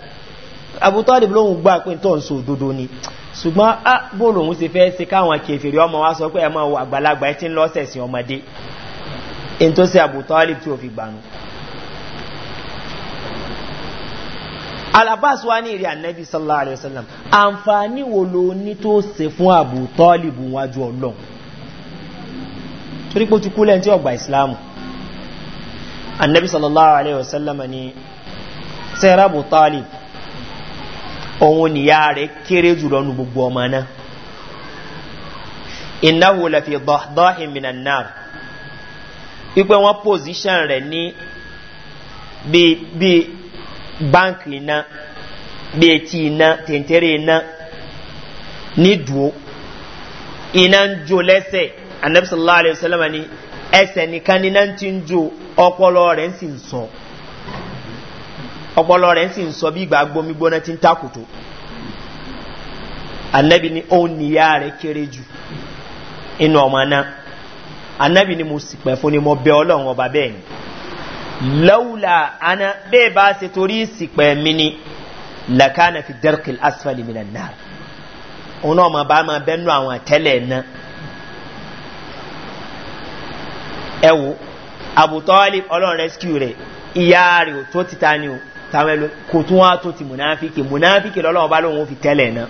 abútọ́lì lóhun gbà pé tó ń so òdodo ni ṣùgbọ́n á bóòlù òun ti fẹ́ alabas wa ní ìrìn anabi sallallahu alayhi wa sallam àǹfààní wo ló ní tó ṣe fún àbò tọ́lìbù wájú ọlọ́run torí pé ó ti kú lẹ́yìn tí ọgbà ìsìláàmù anabi sallallahu alayhi wa sallam ni sarah abu talib òun nìyá rẹ̀ kéré jùlọ nu gbogbo ọmọ náà ìnáwó lẹ́fi dọ́hìn mìíràn náà wípé wọ́n pòsíṣàn rẹ̀ ní bíi bíi Banki na beti na iná na iná ní dùó iná ń jó lẹ́sẹ̀ anabi sallallahu alayhi wa sallam ni ẹsẹ̀ nìkan ni náà ti ń jó ọpọlọ rẹ̀ ń sì ń sọ ọpọlọ rẹ̀ ń sì gbomi gbóná ti ń takùtò anabi ni òun nìyá rẹ̀ kéré jù inú ọmọ anabi ni mo sì pẹ̀ mo bẹ ọlọ́run ọba bẹ́ẹ̀ ni lọ́wùlà àná bẹ́ẹ̀ bá ṣe torí ìsìpẹ́ mi ni làkàna fi dẹ́rkìl asfali mi nàá òun náà máa bá máa bẹ́nu àwọn àtẹ́lẹ̀ náà ẹ wo àbùtọ́lì ọlọ́run rescue rẹ̀ ìyá rẹ̀ ò tó ti ta ni o táwọn ẹlò kò tún wá tó ti mùnáfíkì mùnáfíkì lọ́lọ́run bá lóun fi tẹ́lẹ̀ náà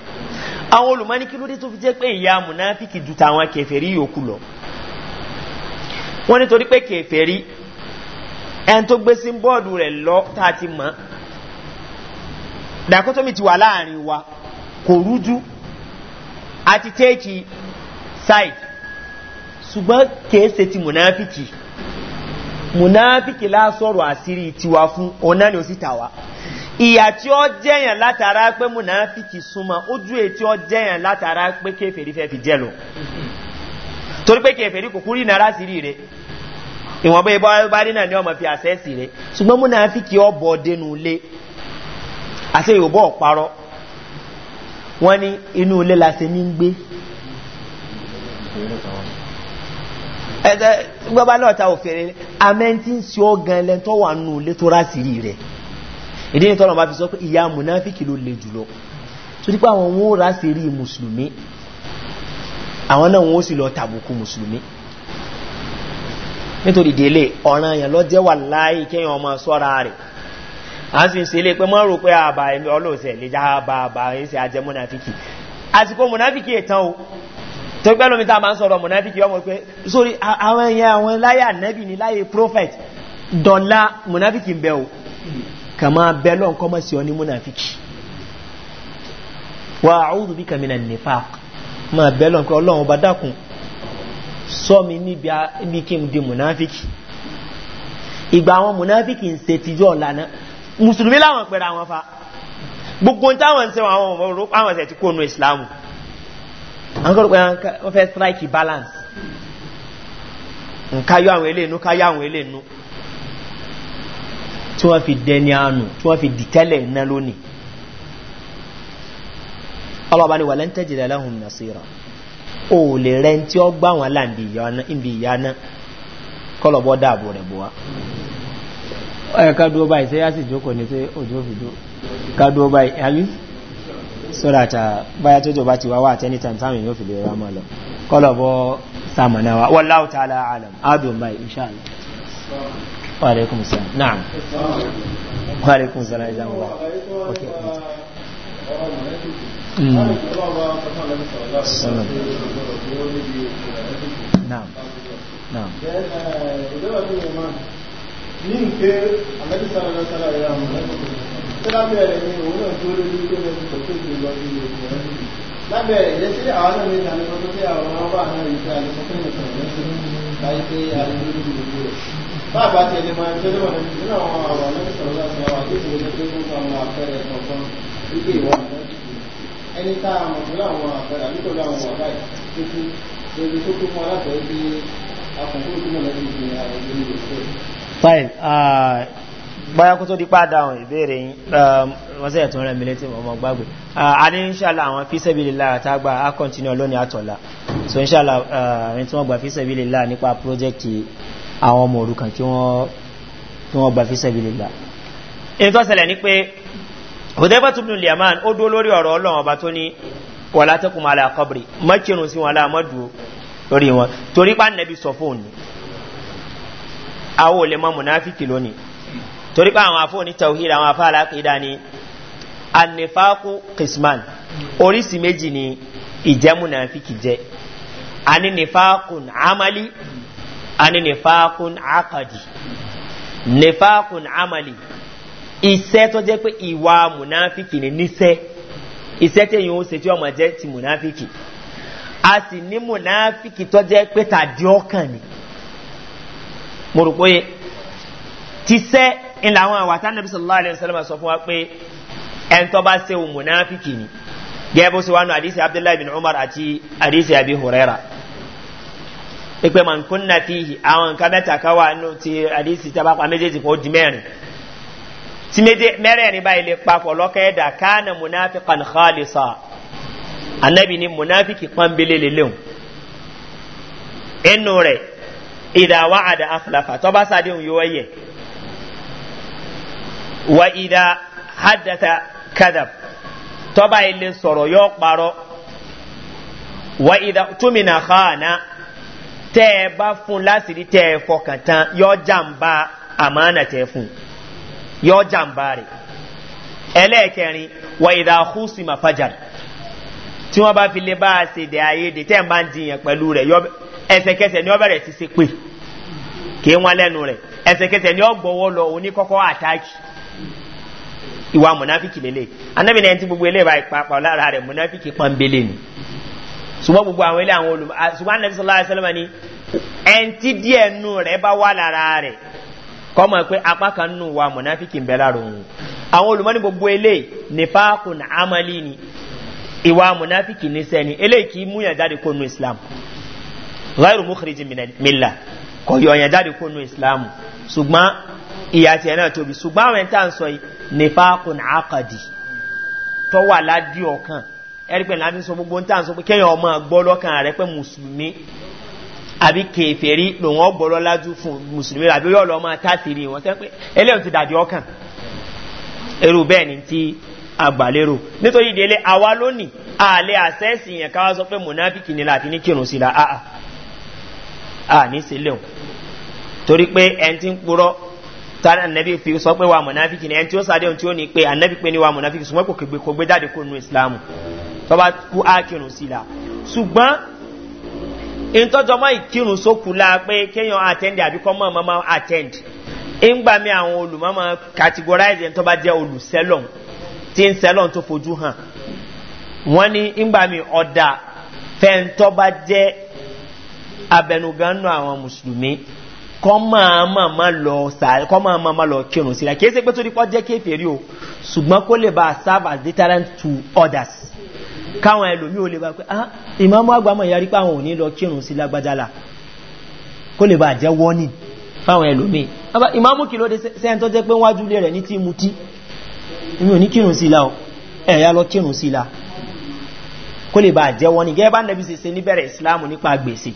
àwọn olùmọ́ni kí ló dé fi jẹ́ pé ìyá mùnáfíkì ju tàwọn kẹfẹ́rí yòókù lọ wọ́n nítorí pé kẹfẹ́rí ẹn tó gbé sí bọ́ọ̀dù rẹ̀ lọ tá a ti mọ̀ dàkótómì ti wà láàrin wa kò rújú àti téèkì side ṣùgbọ́n kèé ṣe ti mùnáfíkì mùnáfíkì lásọ̀rọ̀ àṣírí tiwa fún ọ̀nà ni ó sì tàwa ìyà tí ó jẹ́yàn látara pé mùnáfíkì súnmọ́ ojú èyí tí ó jẹ́yàn látara pé kéferì fẹ́ fi jẹ́ lọ torí pé kéferì kò kúrì náírà sí rí rẹ̀ ìwọ̀nba ìbá bá rí náà ni ọmọ fi àṣẹ sí rẹ ṣùgbọ́n múna fi kí ọ bọ̀ dénú ilé àṣẹ yorùbá ọ̀parọ́ wọ́n ní inú ilé la ṣe ní ń gbé ẹ̀sẹ̀ gbọ́bá náà ta òfèrè amẹ́ntí ń ṣe ọ́gan ẹlẹ́ tó wà nù ilé tó rásìrí rẹ̀ ìdí ni tọ́lọ̀ bá fi sọ pé ìyá munafiki ló le jùlọ tó dípò àwọn wọn ó rásìrí mùsùlùmí àwọn náà wọn ó sì lọ tàbùkù mùsùlùmí nítorí délé ọ̀ràn èèyàn lọ jẹ́ wà láì kéèyàn ọmọ sọ́ra rẹ̀ à ń sì ń sèlé pé mọ́rò pé àbà ah, ẹ̀mí ọlọ́ọ̀sẹ̀ lè já àbà àbà ẹ̀sẹ̀ ajẹ́ mọ́nàfíkì àsìkò mọ́nàfíkì ètàn o tó gbẹ́ lómi tá a ń sọ̀rọ̀ mọ́nàfíkì ọmọ pé prophet dọ̀la mọ́nàfíkì ń bẹ o kà máa bẹ lọ́n kọ́ mọ́ sí ọ ní mọ́nàfíkì wà áwùdù sọ mi níbi kí n di munafiki ìgbà àwọn munafiki ń ṣe lana, ọ̀lànà mùsùlùmí láwọn pẹ̀lú àwọn fa gbogbo ní táwọn ń ṣe àwọn ọmọ òru àwọn ẹ̀sẹ̀ tí kò nu ìsìlámù àwọn kọ́ wọ́n fẹ́ strike balance nǹka yọ àwọn eléyìí nù ká yọ àwọn eléyìí nù tí wọ́n fi dẹni àánú tí wọ́n fi dìtẹ́lẹ̀ iná lónìí ọlọ́ba ni wàlẹ́ ń tẹ́jì lẹ́lẹ́hùn nàṣírà. o le rẹ tí ó gbá wọn láǹdì ibi ìyá náà kọlọ̀bọ́ dáàbò rẹ̀ bọ́ wa ẹ̀ka dúró báyìí sẹ́yà sì jókòó ní pé òjò fìdó ká dúró báyìí àbí sọ́dà tà báyà tó jọba ti wá wà tẹ́ni tàn táwọn èèyàn fìdó rẹ̀ máa lọ kọlọ̀bọ́ sàmọ̀nà wa wọ́n láwùtà alá àlàm ádùn báyìí inṣàlá wa alaikum salam na'am wa Naam. Naam. ní ìpé àmẹ́tìsára lọ́sára ẹ̀rọ àwọn ọ̀rẹ́kùnrin tí lábẹ́ẹ̀rẹ̀ ní òun náà tó lórí pé mẹ́rin kò tó jù lọ sí ìròyìn ọ̀rẹ́kùnrin lábẹ́ẹ̀rẹ̀ yẹ sí àwọn náà ní ìdánilọ́ tó tẹ́ àwọn ọba náà yìí pé àlùkò pé nìkan rẹ̀ sí láyé pé àlùkò lórí gbogbo rẹ̀ báàbá ti ẹni máa ń tẹ́lẹ̀ wọn nínú àwọn àwọn àmẹ́tìsára lọ́sára àti ìṣòro tó tó ilé ìwọ̀n ẹni tá a mọ̀ fún àwọn àgbàdà nítorí àwọn ọmọ àbáyé tuntun lórí tó tó mú aláfẹ́ bí akọ̀kọ́ tó mọ̀ lẹ́nu ìgbìn àwọn ìlú ìlú fine ah, báyá kó tó di pàdà àwọn ìbéèrè yìí um, wọ́n sẹ́yẹ̀ tó rẹ̀ mi létí ọmọ gbàgbé ah, a ní ṣàlá àwọn fíṣẹ́bìlì lára tá gba a kọ́ntínú lónìí àtọ̀lá so ń ṣàlá ah, ẹni tí wọ́n gba fíṣẹ́bìlì lára nípa pírójẹ́kì àwọn ọmọ òrukàn kí wọ́n gba fíṣẹ́bìlì lára hudaifa tun bin liaman ó dúró lórí ọ̀rọ̀ ọlọ́run ọba tó ní wàlá tẹ́kùn máa la kọ́bìrì mọ́kìrún sí wọn la mọ́ dúró lórí wọn torí pa nẹ́bí sọ fóun ni àwọn ò mọ mùnáfíkì lónìí torí pa àwọn afọ́ ní tawhid àwọn afọ́ alákìídá ni anifaku kisman oríṣi méjì ni ìjẹ́ mùnáfíkì jẹ́ ani nifakun amali ani nifakun akadi nifakun amali. Ise tó jẹ́ pé ìwà mùnáfíkì ní níṣẹ́ iṣẹ́ tẹ̀yìn ó ṣe tí ọmọ jẹ́ ti mùnáfíkì a sì ní mùnáfíkì tó jẹ́ pé tàdí ọkàn ni mo rò pé tiṣẹ́ ńlá àwọn àwọn àtànàbí sọlá àlẹ́ sọlá sọ fún wa pé ẹni tó bá ṣe òun mùnáfíkì ni gẹ́gẹ́ bó ṣe wà abdullahi bin umar àti àdìsí abi hurera ìpè mànkúnnà fìhì àwọn nǹkan mẹ́ta káwà nù ti àdìsí méjèèjì kò tí mẹ́rẹ̀ẹ̀rin báyìí lè papọ̀ lọ́kẹ́ẹ̀dà káàna munafiqan khalisa anabi ni munafiki pọ́nbélé lélẹ́hùn inú rẹ̀ ìdáwà àdá afúláfà tọ́ba sàdéhùn yóò yẹ wa ìdá hadata kadab tọ́ba ilé sọ̀rọ̀ yóò parọ́ wa ìdá túmìnà khaana tẹ́ ẹ bá fún lásìrí tẹ́ ẹ fọkàn tán yóò jàǹbá àmàna tẹ́ fún un. yọ jàǹbá rẹ̀ ẹlẹ́ẹ̀kẹrin wà ìdàkú sí màfàjà tí wọ́n bá fi lè bá a ṣe dẹ̀ ayéde tẹ́ ń bá ń pẹ̀lú rẹ̀ ẹsẹ̀kẹsẹ̀ ni ọ bẹ̀rẹ̀ ti ṣe pé kì í lẹ́nu rẹ̀ ẹsẹ̀kẹsẹ̀ ni ọ gbọ́wọ́ lọ oníkọ́kọ́ àtàkì ìwà mùnáfíkì lélẹ̀ anábì náà ti gbogbo eléyìí báyìí papọ̀ lára rẹ̀ mùnáfíkì pọ́nbélé ni ṣùgbọ́n gbogbo àwọn ilé àwọn olùmọ̀ ṣùgbọ́n anábì sọlá ẹsẹ̀ ni díẹ̀ nù rẹ̀ bá kọ́mọ̀ pé apá kan nù wa mọ̀náfíkì ń bẹ láàrọ̀ òun àwọn olùmọ́ni gbogbo eléyìí nífàákùn amálí ni ìwà mọ̀náfíkì ní sẹ́ni eléyìí kì í múyàn jáde kó nu islam ghairu mukhriji mila kò yọ ọ̀yàn jáde kó nu islam ṣùgbọ́n ìyá tiẹ̀ náà tóbi ṣùgbọ́n àwọn ẹ̀ńtà ń sọ yìí nífàákùn akadi tó wà ládìí ọ̀kan ẹ̀rí pẹ̀lú àti sọ gbogbo ń tà ń sọ pé kéèyàn ọmọ gbọ́ lọ́kàn rẹ pé mùsùlùmí àbí kèfèrí lòun ọgbọ̀lọ́ lájú fún mùsùlùmí àbí yóò lọ máa tásìrì wọn tẹ́ pé eléyìí ti dàbí ọkàn èrò bẹ́ẹ̀ ni ti àgbàlérò nítorí ìdílé àwa lónìí àlẹ́ àṣẹ́sì yẹn káwá sọ pé mùnáfíkì ni láti ní kírun sí la àà ní sílẹ̀ o torí pé ẹni tí ń purọ́ tani anabi fi sọ pé wa mùnáfíkì ni ẹni tí ó sáré ohun tí ó ní pé anabi pé ni wa mùnáfíkì sùgbọ́n kò gbé jáde kó nu ìsìlámù tọ́ba kú á kírun sí la ṣùgbọ́n ìtọ́jọ́ máa ìkírun sókù la pé kéèyàn attend àbí kọ́ mọ́ máa attend ńgbà mi àwọn olùmọ́ máa categorize tó bá jẹ́ olùsẹ́lọ̀n tí ń sẹ́lọ̀n tó fojú hàn wọ́n ní ńgbà mi ọ̀dà fẹ́ntọ́ bá jẹ́ abẹnuganu àwọn mùsùlùmí kọ́ lọ sàárẹ̀ sílẹ̀ o ṣùgbọ́n kó lè bá serve as deterrent to others. káwọn ẹlòmí ò lè bá pé ah ìmọ̀mọ́ àgbàmọ̀ yarí pé àwọn ò ní lọ kírun sí lágbájálà kó lè bá jẹ́ wọ́nì fáwọn ẹlòmí ìmọ̀mọ́ kí ló dé sẹ́yìn tó jẹ́ pé wájú lé rẹ̀ ní tí mu tí èmi ò ní kírun sí la ẹ̀yà lọ kírun sí la kó lè bá jẹ́ wọ́nì gẹ́gẹ́ bá nẹ́bí ṣe ní bẹ̀rẹ̀ ìsìláàmù nípa gbèsè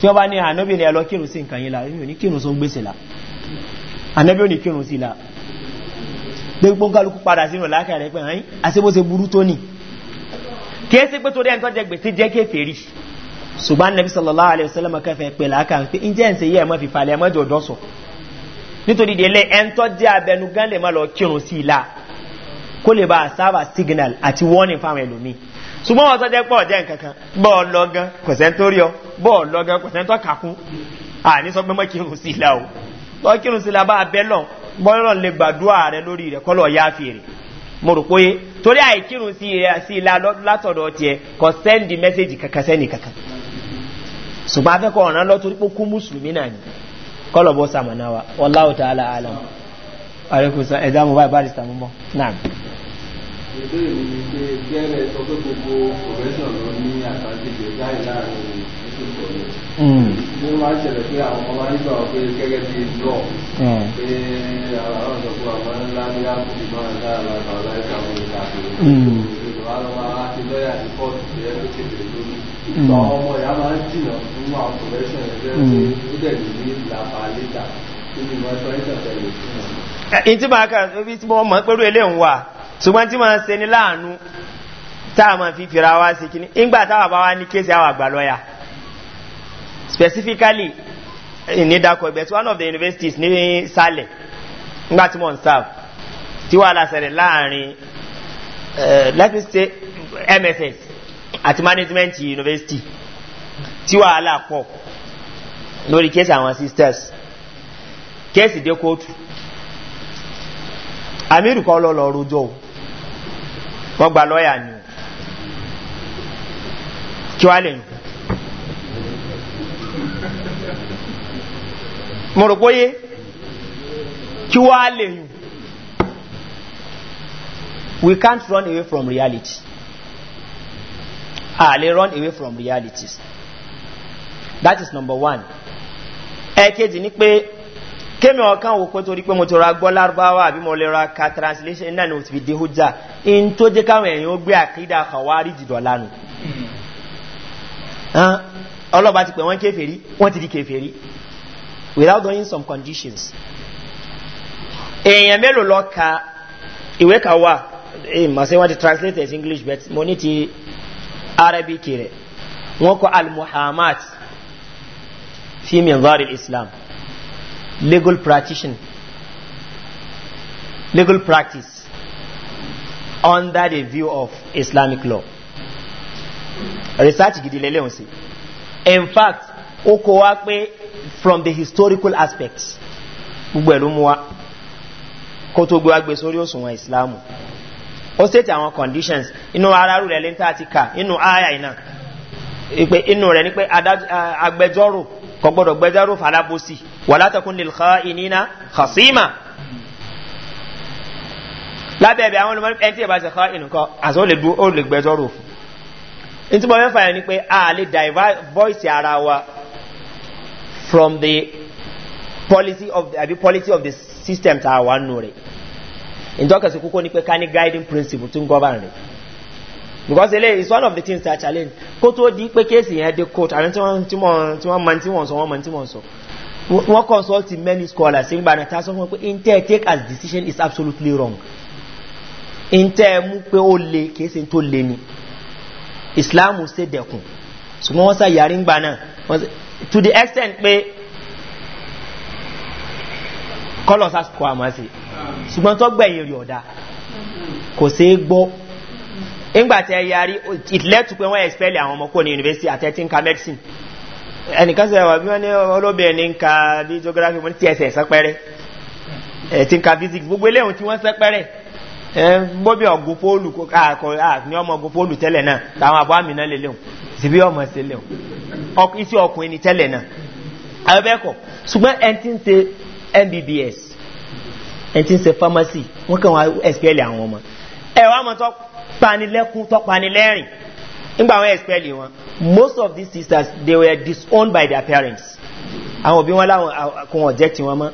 tí wọ́n bá ní ah, ànábì ní ẹlọ kírun sí nǹkan yìí la èmi ò ní kírun só ń gbèsè la ànábì ò ní kírun sí la dégbò kálukú padà sínú làákà rẹ pé ẹyìn àṣebóṣe burú tó nì kí ẹsẹ pé torí ẹni tó jẹ gbèsè jẹ kéfè rí ṣùgbọ́n nàbí sọlọ́lá àlẹ́ kẹfẹ́ pé làákà pé ǹjẹ́ ń ṣe yẹ ẹ̀ mọ́ fìfà lẹ́ ẹ̀ mọ́ nítorí délé ẹni tó jẹ abẹnugán lè má lọ kírun sí la kó lè bá sábà signal àti warning fáwọn ẹlòmíì ṣùgbọ́n wọn sọ́jẹ́ pọ̀ jẹ́ nkankan bọ́ọ̀ lọ́gán kọ̀sẹ̀ torí ọ bọ́ọ̀ lọ́gán kọ̀sẹ̀ tó kàkún àní sọ pé mọ́ kírun sí ilá o lọ́ kírun sí ilá bá abẹ́ lọ bọ́ọ̀lọ́ lè gbàdúrà rẹ lórí rẹ kọ́lọ̀ ya fèrè mo rò pé torí àìkírun sí ilá látọ̀dọ̀ tiẹ̀ kọ́ sẹ́ndì mẹ́sẹ̀jì kankan sẹ́ndì kankan ṣùgbọ́n afẹ́kọ̀ ọ̀ràn lọ torí pé kú mùsùlùmí náà ni kọ́lọ̀ bọ́ sàmọ̀nà wa wọ́n láwùtà àlà àlà ẹ̀dá mo bá ìbáraẹ̀sì tàbí mọ́ náà ìbéèrè mi ni pé gẹ́rẹ́ sọ pé gbogbo profession ló ní advantage láì láàrin ìṣòro rẹ̀. ní hmm. wọ́n máa ń ṣẹlẹ̀ pé àwọn ọmọ nígbà pé gẹ́gẹ́ bí lọ hmm. pé àwọn ọ̀dọ́gbọ́ àwọn ńlá ní àbùkù máa ń dá àlàkà láìka àwọn ìlà àbúrò. ìṣòro àwọn ọmọ wa ti lọ́ọ̀yà ní kóòtù tí ẹ ló kéde lórí. ìgbà ọmọ ìyá máa ń jìnà fún àwọn profession rẹ̀ hmm. ó dẹ̀ ní ìlàpá lẹ́tà nínú ìwọ̀n ìtọ́ ìtọ̀ ṣùgbọ́n tí wọ́n ṣe ní láàánú táà máa fi fìrà wá sí kíní ìgbà táwà bá wá ní kéèsì àwọn àgbà specifically ní dakọ̀ ìgbẹ́ tí one of the universities ní sálẹ̀ ńgbà tí wọ́n ń serve tí wàhálà ṣẹlẹ̀ láàrin eh, let me say mss àti management university tí wàhálà pọ̀ lórí kéèsì àwọn sisters kéèsì dé kóòtù amírùkọ́ lọ́ọ́ lọ́ọ́ rojọ́ o wọ́n gba lọ́ọ̀yà ni kí wàá lè yùn. mo kí wàá lè yùn. we can't run away from reality a lè run away from realities that is number one ẹ̀ẹ́kejì ni pé kémi ọ̀kan wò pé torí pé mo ti ra gbọ́ lárúbáwá àbí mo lè ra ka translation náà ni mo ti fi dé hujja in tó jẹ́ káwọn èèyàn ó gbé àkídà àkàwárí jìdọ̀ lánàá ọlọ́ba ti pè wọ́n kéferí wọ́n ti di kéferí without doing some conditions èèyàn mélòó lọ ka ìwé kan wà mà sẹ́ wọ́n ti translate as english but mo ní ti arabic rẹ̀ wọ́n kọ́ al-muhammad fi mi n zari islam legal practitioner, legal practice under the view of Islamic law. Research gidi lẹ́lẹ́hùn sí. In fact, ó kọ wá pé from the historical aspects gbogbo ẹ̀ ló mú wa kó tó gbé wá gbé sórí òṣùwọ̀n Ìsìláàmù. Ó state àwọn conditions inú aráàlú rẹ̀ lẹ́ńtà ti kà inú àyà iná. Inú rẹ̀ ni pé agbẹjọ́rò kò gbọdọ̀ gbẹjọ́rò falábòsì wàlátàkùn lè xa ìnínà xasima lábẹ́ ẹ̀bẹ̀ àwọn olùmọ̀ ẹni tí ìbá ṣe xa ìnùkọ́ àti ó lè gbẹjọ́rò fún un tí mo fẹ́ fàyàn ni pé a lè divert ara wa from the policy of the policy of the system tá a wà nù rẹ̀ ìjọ́kẹ̀sí kókó ni pé ká ní guiding principle tó ń gọ́ rẹ̀ because ele is one of the things that challenge kó tó di pé kéèsì yẹn dé court àwọn tí wọ́n tí wọ́n tí wọ́n mọ tí wọ́n sọ wọ́n mọ tí wọ́n sọ wọ́n consult many scholars ṣe ń gbà náà tá a in fún take as decision is absolutely wrong intel mú pé ó le case tó le ni islam ṣe dẹkùn ṣùgbọ́n wọ́n sá yàrá ń gbà náà to the extent pé Call us as àmọ́ sí ṣùgbọ́n tó gbẹ̀yìn rí ọ̀dà kò ṣeé gbọ́ ńgbà tẹ yarí it led to pé wọ́n expel àwọn ọmọ kúrò ní yunifásitì àti ẹtí ń ka medicine ẹnìkan sẹ wà bí wọ́n ní olóbìnrin ní ń ka bí geography mo ní tiẹ̀ sẹ̀ sẹ́pẹ́rẹ́ ẹtí ń ka physics gbogbo eléyìí tí wọ́n sẹ́pẹ́rẹ́ ẹ bóbi ọ̀gùn fóòlù kó káàkó ní ọmọ ọ̀gùn fóòlù tẹ́lẹ̀ náà làwọn àbọ̀ àmì náà lè léwu síbí ọmọ sí léwu isi ọkùnrin ni tẹ́lẹ̀ náà ayọ́bẹ́kọ̀ ṣùgbọ́n ẹ ti ń ṣe mbbs ẹ ti ń ṣe pharmacy wọ́n kàn wá expel àwọn ọmọ ẹ̀wà mọ̀ tó panilẹ́kún tó panilẹ́rìn nígbà wọn ẹ̀spẹ́lì wọn most of these sisters they were disowned by their parents àwọn òbí wọn láwọn kò wọn jẹ́ tiwọn mọ́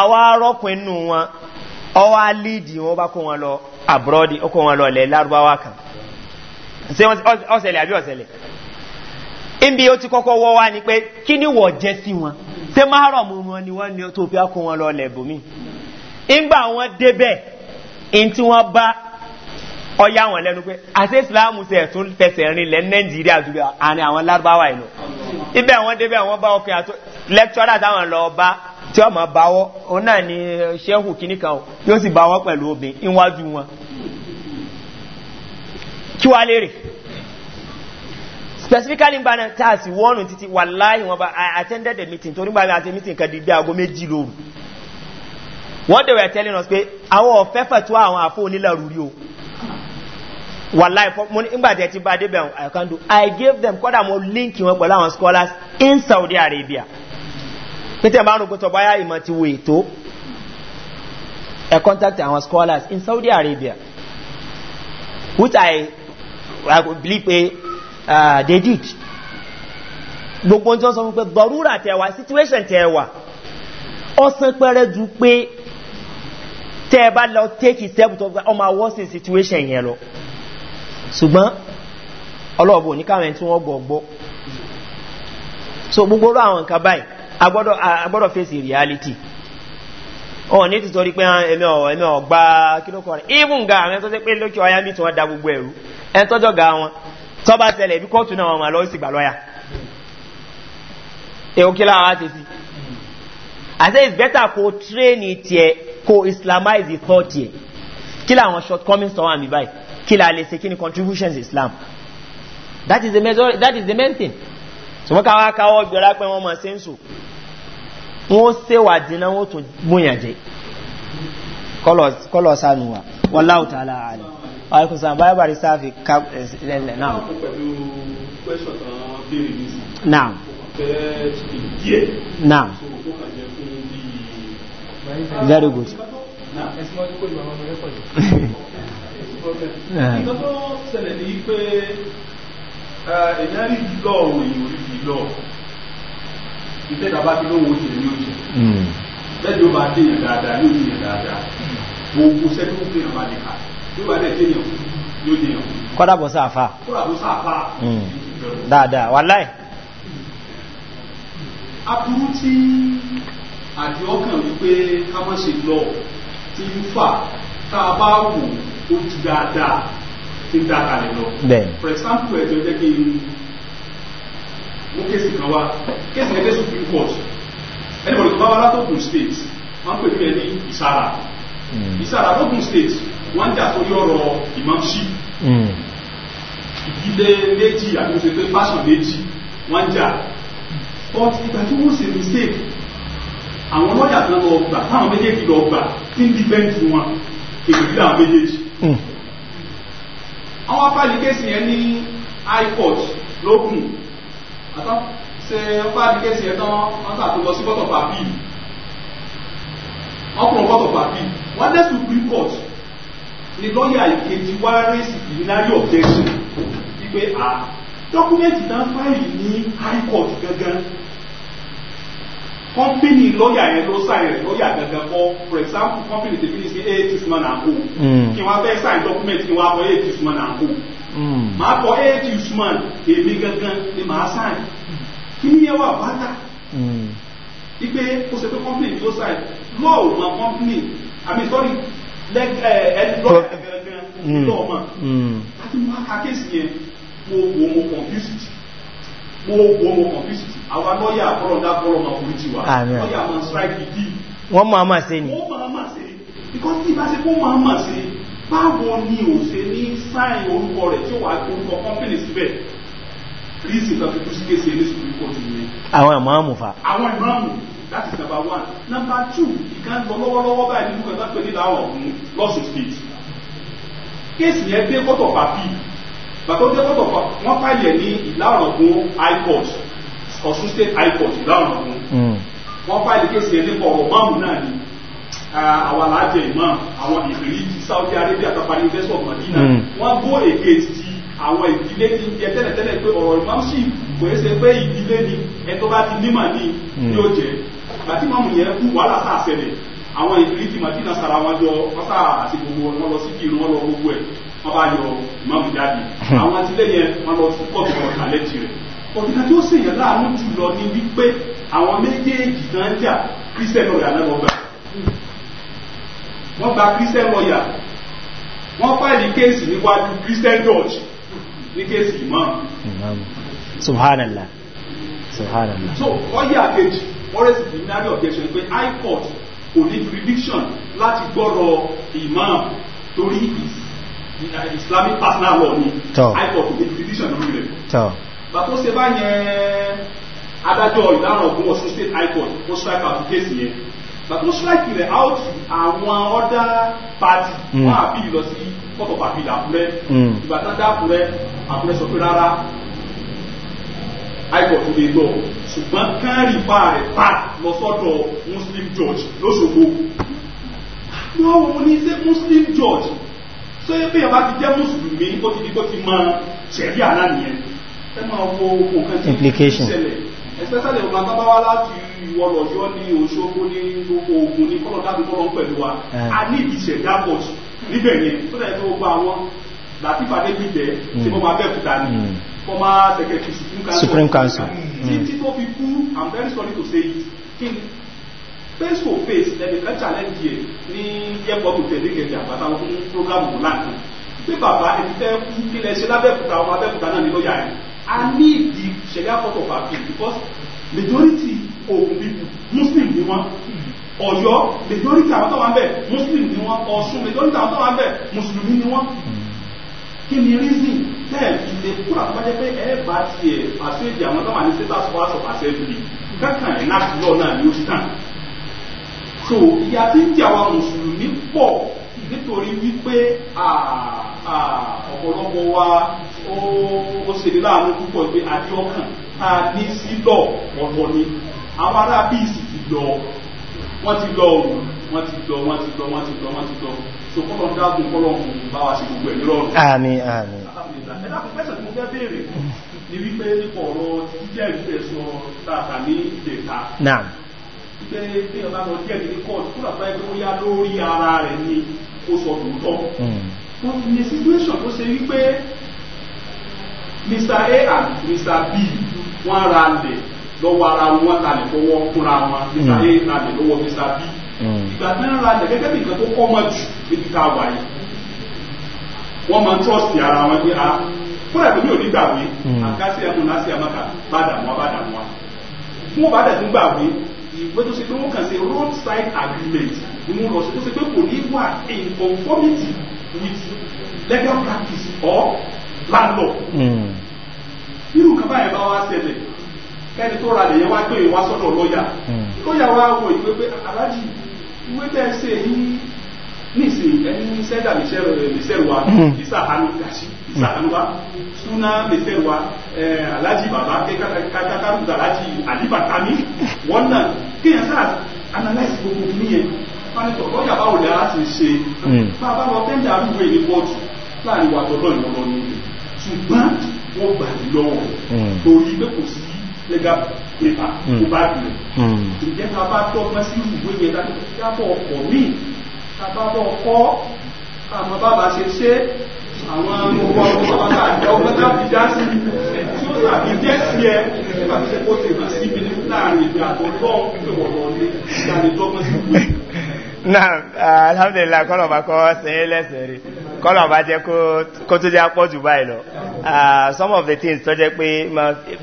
àwa arọ́kùn inú wọn ọwọ́ alíìdì wọn bá kó wọn lọ abroad ó kó wọn lọ ilẹ̀ lárúbáwá kan ṣé ọ̀sẹ̀lẹ̀ àbí ọ̀sẹ̀lẹ̀ níbi ó ti kọ́kọ́ wọ́ wá ni pé kí ni wọ̀ jẹ́ sí wọn ṣé máàrọ̀ mu wọn ni wọ́n ní tó fi á wọn lọ ilẹ̀ bòmí nígbà wọn débẹ̀ in tí wọ́n bá ọyá wọn lẹ́nu pé àti ìsìláàmù sẹ̀ tún fẹsẹ̀ rin lẹ́ nàìjíríà dùgbà àárín àwọn lárúbáwá yìí lọ ibẹ̀ wọn débẹ̀ wọn bá ọkùnrin àti lẹ́kítọ́rà táwọn lọ bá tí ọmọ báwọ́ òun náà ni ṣẹ́hù kìíní kan o yóò sì báwọ́ pẹ̀lú obìnrin níwájú wọn kí wàá lérè specifically gba náà tá a sì wọ́ọ̀nù títí wàláhì wọn bá i attended the meeting torí gba mi àti meeting kan di bí aago méjì lóru what they were telling us pé àwọn ọ̀fẹ́ fẹ̀tọ́ àwọn àfọ onílẹ̀ rúrí o wàláì mo ní ìgbà ti bá débẹ̀ àwọn i gave them kọ́dà mo link wọn pẹ̀lú àwọn scholars in saudi arabia pété bá ń rògbò tó báyà ìmọ̀ ti wò ẹ contact àwọn scholars in saudi arabia which i i believe pé uh, they did gbogbo ohun tí wọ́n sọ fún pé gbọ̀rúra tẹ̀ wá situation tẹ̀ ọ̀sán pẹ́rẹ́ ju pé tẹ́ ẹ bá lọ take a step tó ọmọ worsen situation yẹn lọ ṣùgbọ́n ọlọ́ọ̀bù ní káwọn ẹni tí wọ́n gbọ̀gbọ́ so gbogbo rọ àwọn nǹkan báyìí agbọ́dọ̀ face reality ọ̀ ní ti torí pé ẹ̀mí ah, ọ̀gbá kílókọ̀ rẹ̀ even ga àwọn ẹ̀tọ́jọ́ pé lókè ọ̀yá mi tí wọ́n da gbogbo ẹ̀rú ẹ̀tọ́jọ́ ga wọn tọ́ba tẹ̀lẹ̀ bí kóòtù náà wọn lọ́ọ́ sì gbà lọ́yà èwo kí láwọn á ti I say it's better for training, tiẹ̀ kó islamize thought yẹ kí làwọn shortcomings tó wà mí báyìí kí là lè ṣe kí ni contributions islam that is the major that is the main thing sọmọ káwá káwọ́ gbéra pé wọ́n mọ̀ ṣe ń sùn wọ́n ṣèwádìí náà wọ́n tún gbóyàn jẹ́ kọlọ sanu wa wọláwù tí a la àlè alikusa báyìí bari sáfì ká ẹsẹ náà. naam. naam. Very good. Ìtọ́tọ́ <laughs> ṣẹlẹ̀ ní pé èyàn rí jùlọ òun èyàn orí jùlọ ìtẹ́ta bá ti lówó ṣe ní oṣù. Lẹ́jọ́ ó bá téèyàn hmm. dáadáa yóò téèyàn dáadáa. Gbogbo sẹ́ni ó fi hàn bá nìkan. Yóò bá dẹ̀ téèyàn yóò téèyàn. Kọ́dà bọ́ sáfà. Kọ́dà bọ́ sáfà. Dáadáa, wàláì. Aburú tí àti ọkàn wípé ká má ṣe lọ tí ń fà tá a bá wò ó ju dáadáa tí dá kalẹ̀ lọ. for example ẹ̀jọ̀ jẹ́ kí n mú kéèsì kan wá kéèsì ẹgbẹ́ supreme court ẹni bọ̀dọ̀ tó bá wá látọ̀kùn state wọ́n pè ní ẹni ìsára ìsára lọ́kùn state wọ́n ń jà sórí ọ̀rọ̀ ìmọ̀ọ́sí hmm. ìdílé méjì àti oṣù pé fásitì méjì wọ́n ń jà but ìgbà tí wọ́n ṣe mistake àwọn lọ́yà kan lọ gbà táwọn méjèèjì lọ gbà tí ń dìbẹ́ǹtì wọn èdèdí àwọn méjèèjì. Hmm. àwọn afáàlì kéèsì yẹn ní high court lókun ṣe afáàlì kéèsì yẹn tán wọn sàtò lọ sí court of appeal ọkùnrin court of appeal wọn dé supreme court ni lọ́yà ìkejì wá rẹ́sì ìdínárì objection wípé a dọ́kúmẹ́ntì náà fáìlì ní high court gangan Company lọ́yà yẹn ló sáì rẹ̀ lọ́yà gangan kọ́ for example kọ́mpìnì tèmi ní sí eight six man and co hmm. kí wọ́n fẹ́ sáì document kí wọ́n kọ́ eight six man and co máa kọ́ eight six man èmi gangan ni màá sáì kí ni yẹn wà bàtà hmm. ipe ó ṣe pé kọ́mpìnì ló sáì lọ́ọ̀ mọ kọ́mpìnì àmì sọ́rí lọ́ọ̀ gangan lọ́ọ̀ mọ̀ àti mọ́ akéésì yẹn mo wò mo confused wọ́n máa máa se ni báwo ni ò ṣe ní sáìn orúkọ rẹ̀ tí ó wà orúkọ kọ́mpìnì síbẹ̀ ríìsì kan fi kú sí kése ní sùkúrú kóòtù yẹn. àwọn ìmáàmù fa. àwọn ìmáàmù that is number one number two ìkan lọ lọ́wọ́lọ́wọ́ báyìí nínú kan tó ń pè ní láwọn ọ̀hún lọ́sùn state kéèsì yẹn dé kọ́tọ̀ pàpì bàtà ó dé wọ́n tọ̀kọ́ wọ́n fáìlì ẹ̀ ní ìlà ọ̀rọ̀gún high court ọ̀ṣun state high court ìlà ọ̀rọ̀gún hmm. wọ́n fáìlì kéèsì ẹ̀ nípa ọ̀rọ̀ máàmù náà ni àwọn alájẹ imam àwọn ìrírí Saudi Arabia tapari university of hmm. wọ́n go against àwọn ìdílé ti ń jẹ tẹ́lẹ̀tẹ́lẹ̀ pé ọ̀rọ̀ ìmọ̀ọ́sì kò é ṣe pé ìdílé ni ẹ̀tọ́ bá ti nímọ̀ ní yóò hmm. jẹ́ gbàtí mọ̀mù yẹn kú wàhálà sáà ṣẹlẹ̀ àwọn ìrírí ti Medina sara àti gbogbo wọn lọ sí kí irun wọn gbogbo ẹ̀ wọn bá yọ ìmọ̀mù jáde hmm. àwọn àtìlẹ́ yẹn wọn lọ fún kọ́ọ̀tù ọ̀rọ̀ kàlẹ́ tirẹ̀ òdìdá tí ó sì yàn láàánú jù lọ ni wípé àwọn méjèèjì náà jà kírísítẹ́nì ọ̀yà náà lọ́gbà wọ́n gba kírísítẹ́nì ọ̀yà wọ́n fáìlì kéèsì níwájú kírísítẹ́nì ọ̀jì ní kéèsì ìmọ̀mù. subhanallah subhanallah. so ọyẹ àkejì wọ́n rẹ̀ sì ti ní àbí objection pé high court kò ní jurisdiction láti gbọ́rọ̀ ìmọ̀mù torí ìsì Eh, islamic personal law ni high court ní division lórí rẹ̀ bàtó ṣe bá yẹn adájọ́ ìdáhùn ọ̀gbọ́n ọ̀ṣun state high court ó strike out case yẹn bàtó strike rẹ̀ out àwọn other party hmm. wọ́n àbí lọ sí court of appeal àkúrẹ́ hmm. ìbátan dá àkúrẹ́ àkúrẹ́ sọ pé rárá high court lè lọ ṣùgbọ́n kán rí bá rẹ̀ bá lọ sọ́dọ̀ muslim judge lóṣogbo wọ́n wọ́n ní sẹ́ muslim judge tó yẹ pé ti jẹ́ mùsùlùmí ó ti di kó ti mọ sẹ̀rí àná nìyẹn ẹ máa wo òkò kan tí implication especially ọ̀gá tábáwá láti ìwọ ní Òṣogbo ní gbogbo ogun ní kọ́lọ̀ dábì kọ́lọ̀ pẹ̀lú wa ah. a ní ìdìṣẹ̀ dábọ̀t níbẹ̀ yẹn tó dẹ̀ tó gba àwọn láti fàdé gbìdẹ̀ hmm. tí wọ́n máa bẹ́ẹ̀ kúta ní former secretary supreme council títí tó fi kú I'm very sorry to say it face to face lẹ́nìkan challenge yẹ ní airport hotel ní kẹ̀kẹ́ àgbàtà fún programu láti pé bàbá ẹni fẹ́ kú kí lẹ ṣe lábẹ́kúta ọmọ abẹ́kúta náà ní lọ́ọ̀yà yẹn a ní ìdí ṣẹ̀dá pọ̀tọ̀ fàáfì because majority ògùn bíbu muslim ni wọn ọ̀yọ́ majority àwọn tó wà ń bẹ̀ muslim ni wọn ọ̀ṣun majority àwọn tó wà ń bẹ̀ mùsùlùmí ni wọn kí ni reason bẹ́ẹ̀ ilé kúrò àpájẹ́ pé ẹ bá tiẹ̀ àṣẹ ìdí àwọn tó wà ní status of assembly kankan ẹ̀ náà lọ́ọ̀ náà ni ó stand so ìyà tí ń jẹ àwọn mùsùlùmí pọ̀ nítorí wípé ọ̀pọ̀lọpọ̀ wa ó ṣèlè láàánú púpọ̀ pé adé ọkàn tá a ní sílọ̀ ọ̀tọ̀ ni àwọn ará bíìsì ti lọ wọ́n ti lọ òun wọ́n ti lọ wọ́n ti lọ wọ́n ti lọ wọ́n ti lọ so kọ́lọ̀ ń dáàbò kọ́lọ̀ ń bá wa ṣe gbogbo ẹ̀mí rọrùn. àmín àmín. ẹ dákun fẹsẹ̀ tí mo fẹ́ béèrè ni wípé nípa ọ̀rọ̀ pé bí ọba lọ díẹ̀ ní kọ́ọ̀tù kúrò àpá ẹgbẹ́ yá lórí ara rẹ̀ ni ó sọ tòótọ́. wọ́n ti ní situation tó ṣe wípé Mr. A and Mr. B wọ́n ra lẹ̀ lọ́wọ́ ara wọn ta lè fọwọ́ kúnra wọn Mr. A hmm. ra lẹ̀ lọ́wọ́ Mr. B. Hmm. ìgbà tí wọ́n ra lẹ̀ gẹ́gẹ́ bí nǹkan tó kọ́ mọ́ jù níbi tá a wà yìí wọ́n máa ń trust ara wọn pé a fúnra mi ò ní gbàgbé hmm. àkásí ẹkùn lásìá mọ́ta bá dàmú wa bá fún wọn bá gbàgbé ìwé tó ṣe pé wọ́n kàn ṣe roadside agreement ni wọ́n lọ sí tó ṣe pé kò ní wà in conformity with legal practice or land law. Hmm. irú kan báyìí bá wá ṣẹlẹ̀ kẹ́ni tó ra lèyẹn wá gbé ìwá sọ́dọ̀ lọ́ọ̀yà hmm. lọ́ọ̀yà wá wo ìwé pé aláàjì ìwé tẹ́ ẹ ṣe yìí nísìnyí ẹni sẹ́dà níṣẹ́ wa hmm. ìṣàhánú gàṣí saluwa suna mai sayarwa eh, alhaji baba kai ka karu da alhaji alibatami wannan kí yẹn sáà analyze gbogbo ní yẹn pálítọ̀ lọ́yà báwo lè á ti ṣe hmm. bá bá lọ tẹ́ndà àdúgbò èyí bọ́ọ̀tù láàrin wa tọ́lọ́ ìwọ̀n ní ilé ṣùgbọ́n wọ́n gbà ní lọ́wọ́ hmm. torí pé kò sí legal paper hmm. kó bá dùn ǹjẹ́ ta bá tọ́gbọ́n sí ìwé yẹn dábọ̀ ọkọ̀ míì ta bá bọ̀ ọkọ́ àmọ́ bàbá ṣe ṣe àwọn ọmọ ọmọ ọmọ àjọ ọmọ náà fi já sí tí ó sàbí jẹ́ sí ẹ nígbà tí ó ti rí sí ibi láàrin ìgbà tó lọ́ọ̀ tó wọ̀rọ̀ ní ìdánidọ́gbọ́n sí alhamdulilayi kọ́lọ̀ bá kọ́ sẹ́yìn lẹ́sẹ̀ rí kọ́lọ̀ bá jẹ́ kó tó jẹ́ pọ̀ jù báyìí some of the things tó jẹ́ pé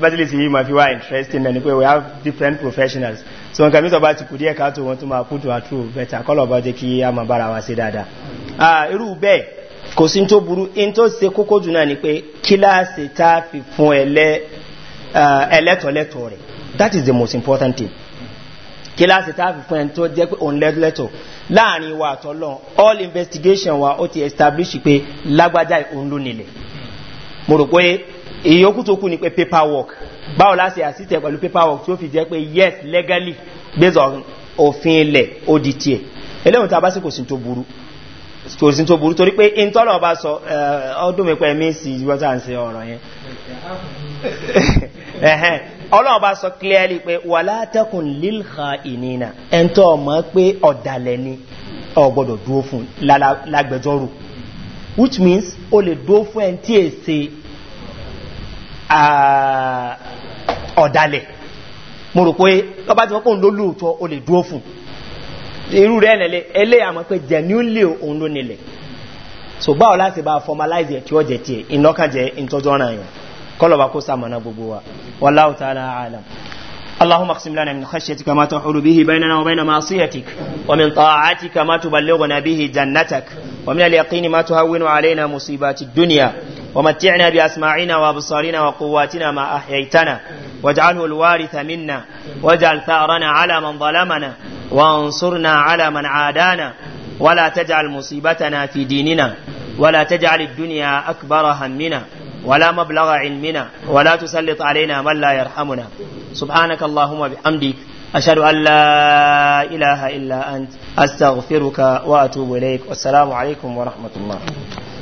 fertility yìí ma fi wá interesting na ni pé we have different professionals so nǹkan mi sọ bá ti kù díẹ̀ káàtó wọn tó máa put to our true better kọ́lọ̀ bá jẹ́ kí a máa bára wa sí dáadáa irú bẹ́ẹ̀ kò sí tó burú in tó ṣe kókó jù náà ni pé kíláàsì tá a fi fún ẹlẹ́tọ̀ọ́lẹ́tọ̀ rẹ̀ that is the most important thing kíláàsì tá a fi fún ẹni tó jẹ́ pé òun láàrin wa àtọ́lọ́ all investigation wa ó ti establish pé lágbájá òun ló nílẹ̀ mo rò pé ìyókù tó kù ni pé paperwork báwo láti àsìtẹ̀ pẹ̀lú paperwork tí ó fi jẹ́ pé yes legally based on òfin ilẹ̀ ó di tiẹ̀ eléyìí tá a bá sì kò sí tó burú kò sí tó burú torí pé ìntọ́lọ̀ bá sọ ọdún mí sí wọ́tà ń se ọ̀rọ̀ yẹn <laughs> ọlọ́run bá sọ clearly pé wà látẹ́kùn lílha ìnina ẹ̀ńtọ́ ọmọ pé ọ̀dàlẹ̀ ni ọ̀gbọ́dọ̀ dúró fún lágbẹjọ́rù which means o lè dúró fún ẹ̀ tí èsè ọ̀dàlẹ̀ mo rò pé ọba tí wọ́n pòun lólùtọ́ o lè dúró fún irú rẹ̀ nílé ẹlẹ́ àmọ́ pé genuinely òun ló nílẹ̀ so báwo láti bá formalize ẹ̀ tí ó jẹ tiẹ̀ ìnákàjẹ́ ìtọ́jú ọ̀ràn yẹn kọlọ̀bà kó sàmọ̀nà gbogbo wa wàláwù tààlà àlàm اللهم اقسم لنا من خشيتك ما تحول به بيننا وبين معصيتك ومن طاعتك ما تبلغنا به جنتك ومن اليقين ما تهون علينا مصيبات الدنيا ومتعنا بأسماعنا وأبصارنا وقواتنا ما أحييتنا واجعله الوارث منا واجعل ثأرنا على من ظلمنا وانصرنا على من عادانا ولا تجعل مصيبتنا في ديننا ولا تجعل الدنيا أكبر همنا ولا مبلغ علمنا ولا تسلط علينا من لا يرحمنا سبحانك اللهم بحمدك أشهد أن لا إله إلا أنت أستغفرك وأتوب إليك والسلام عليكم ورحمة الله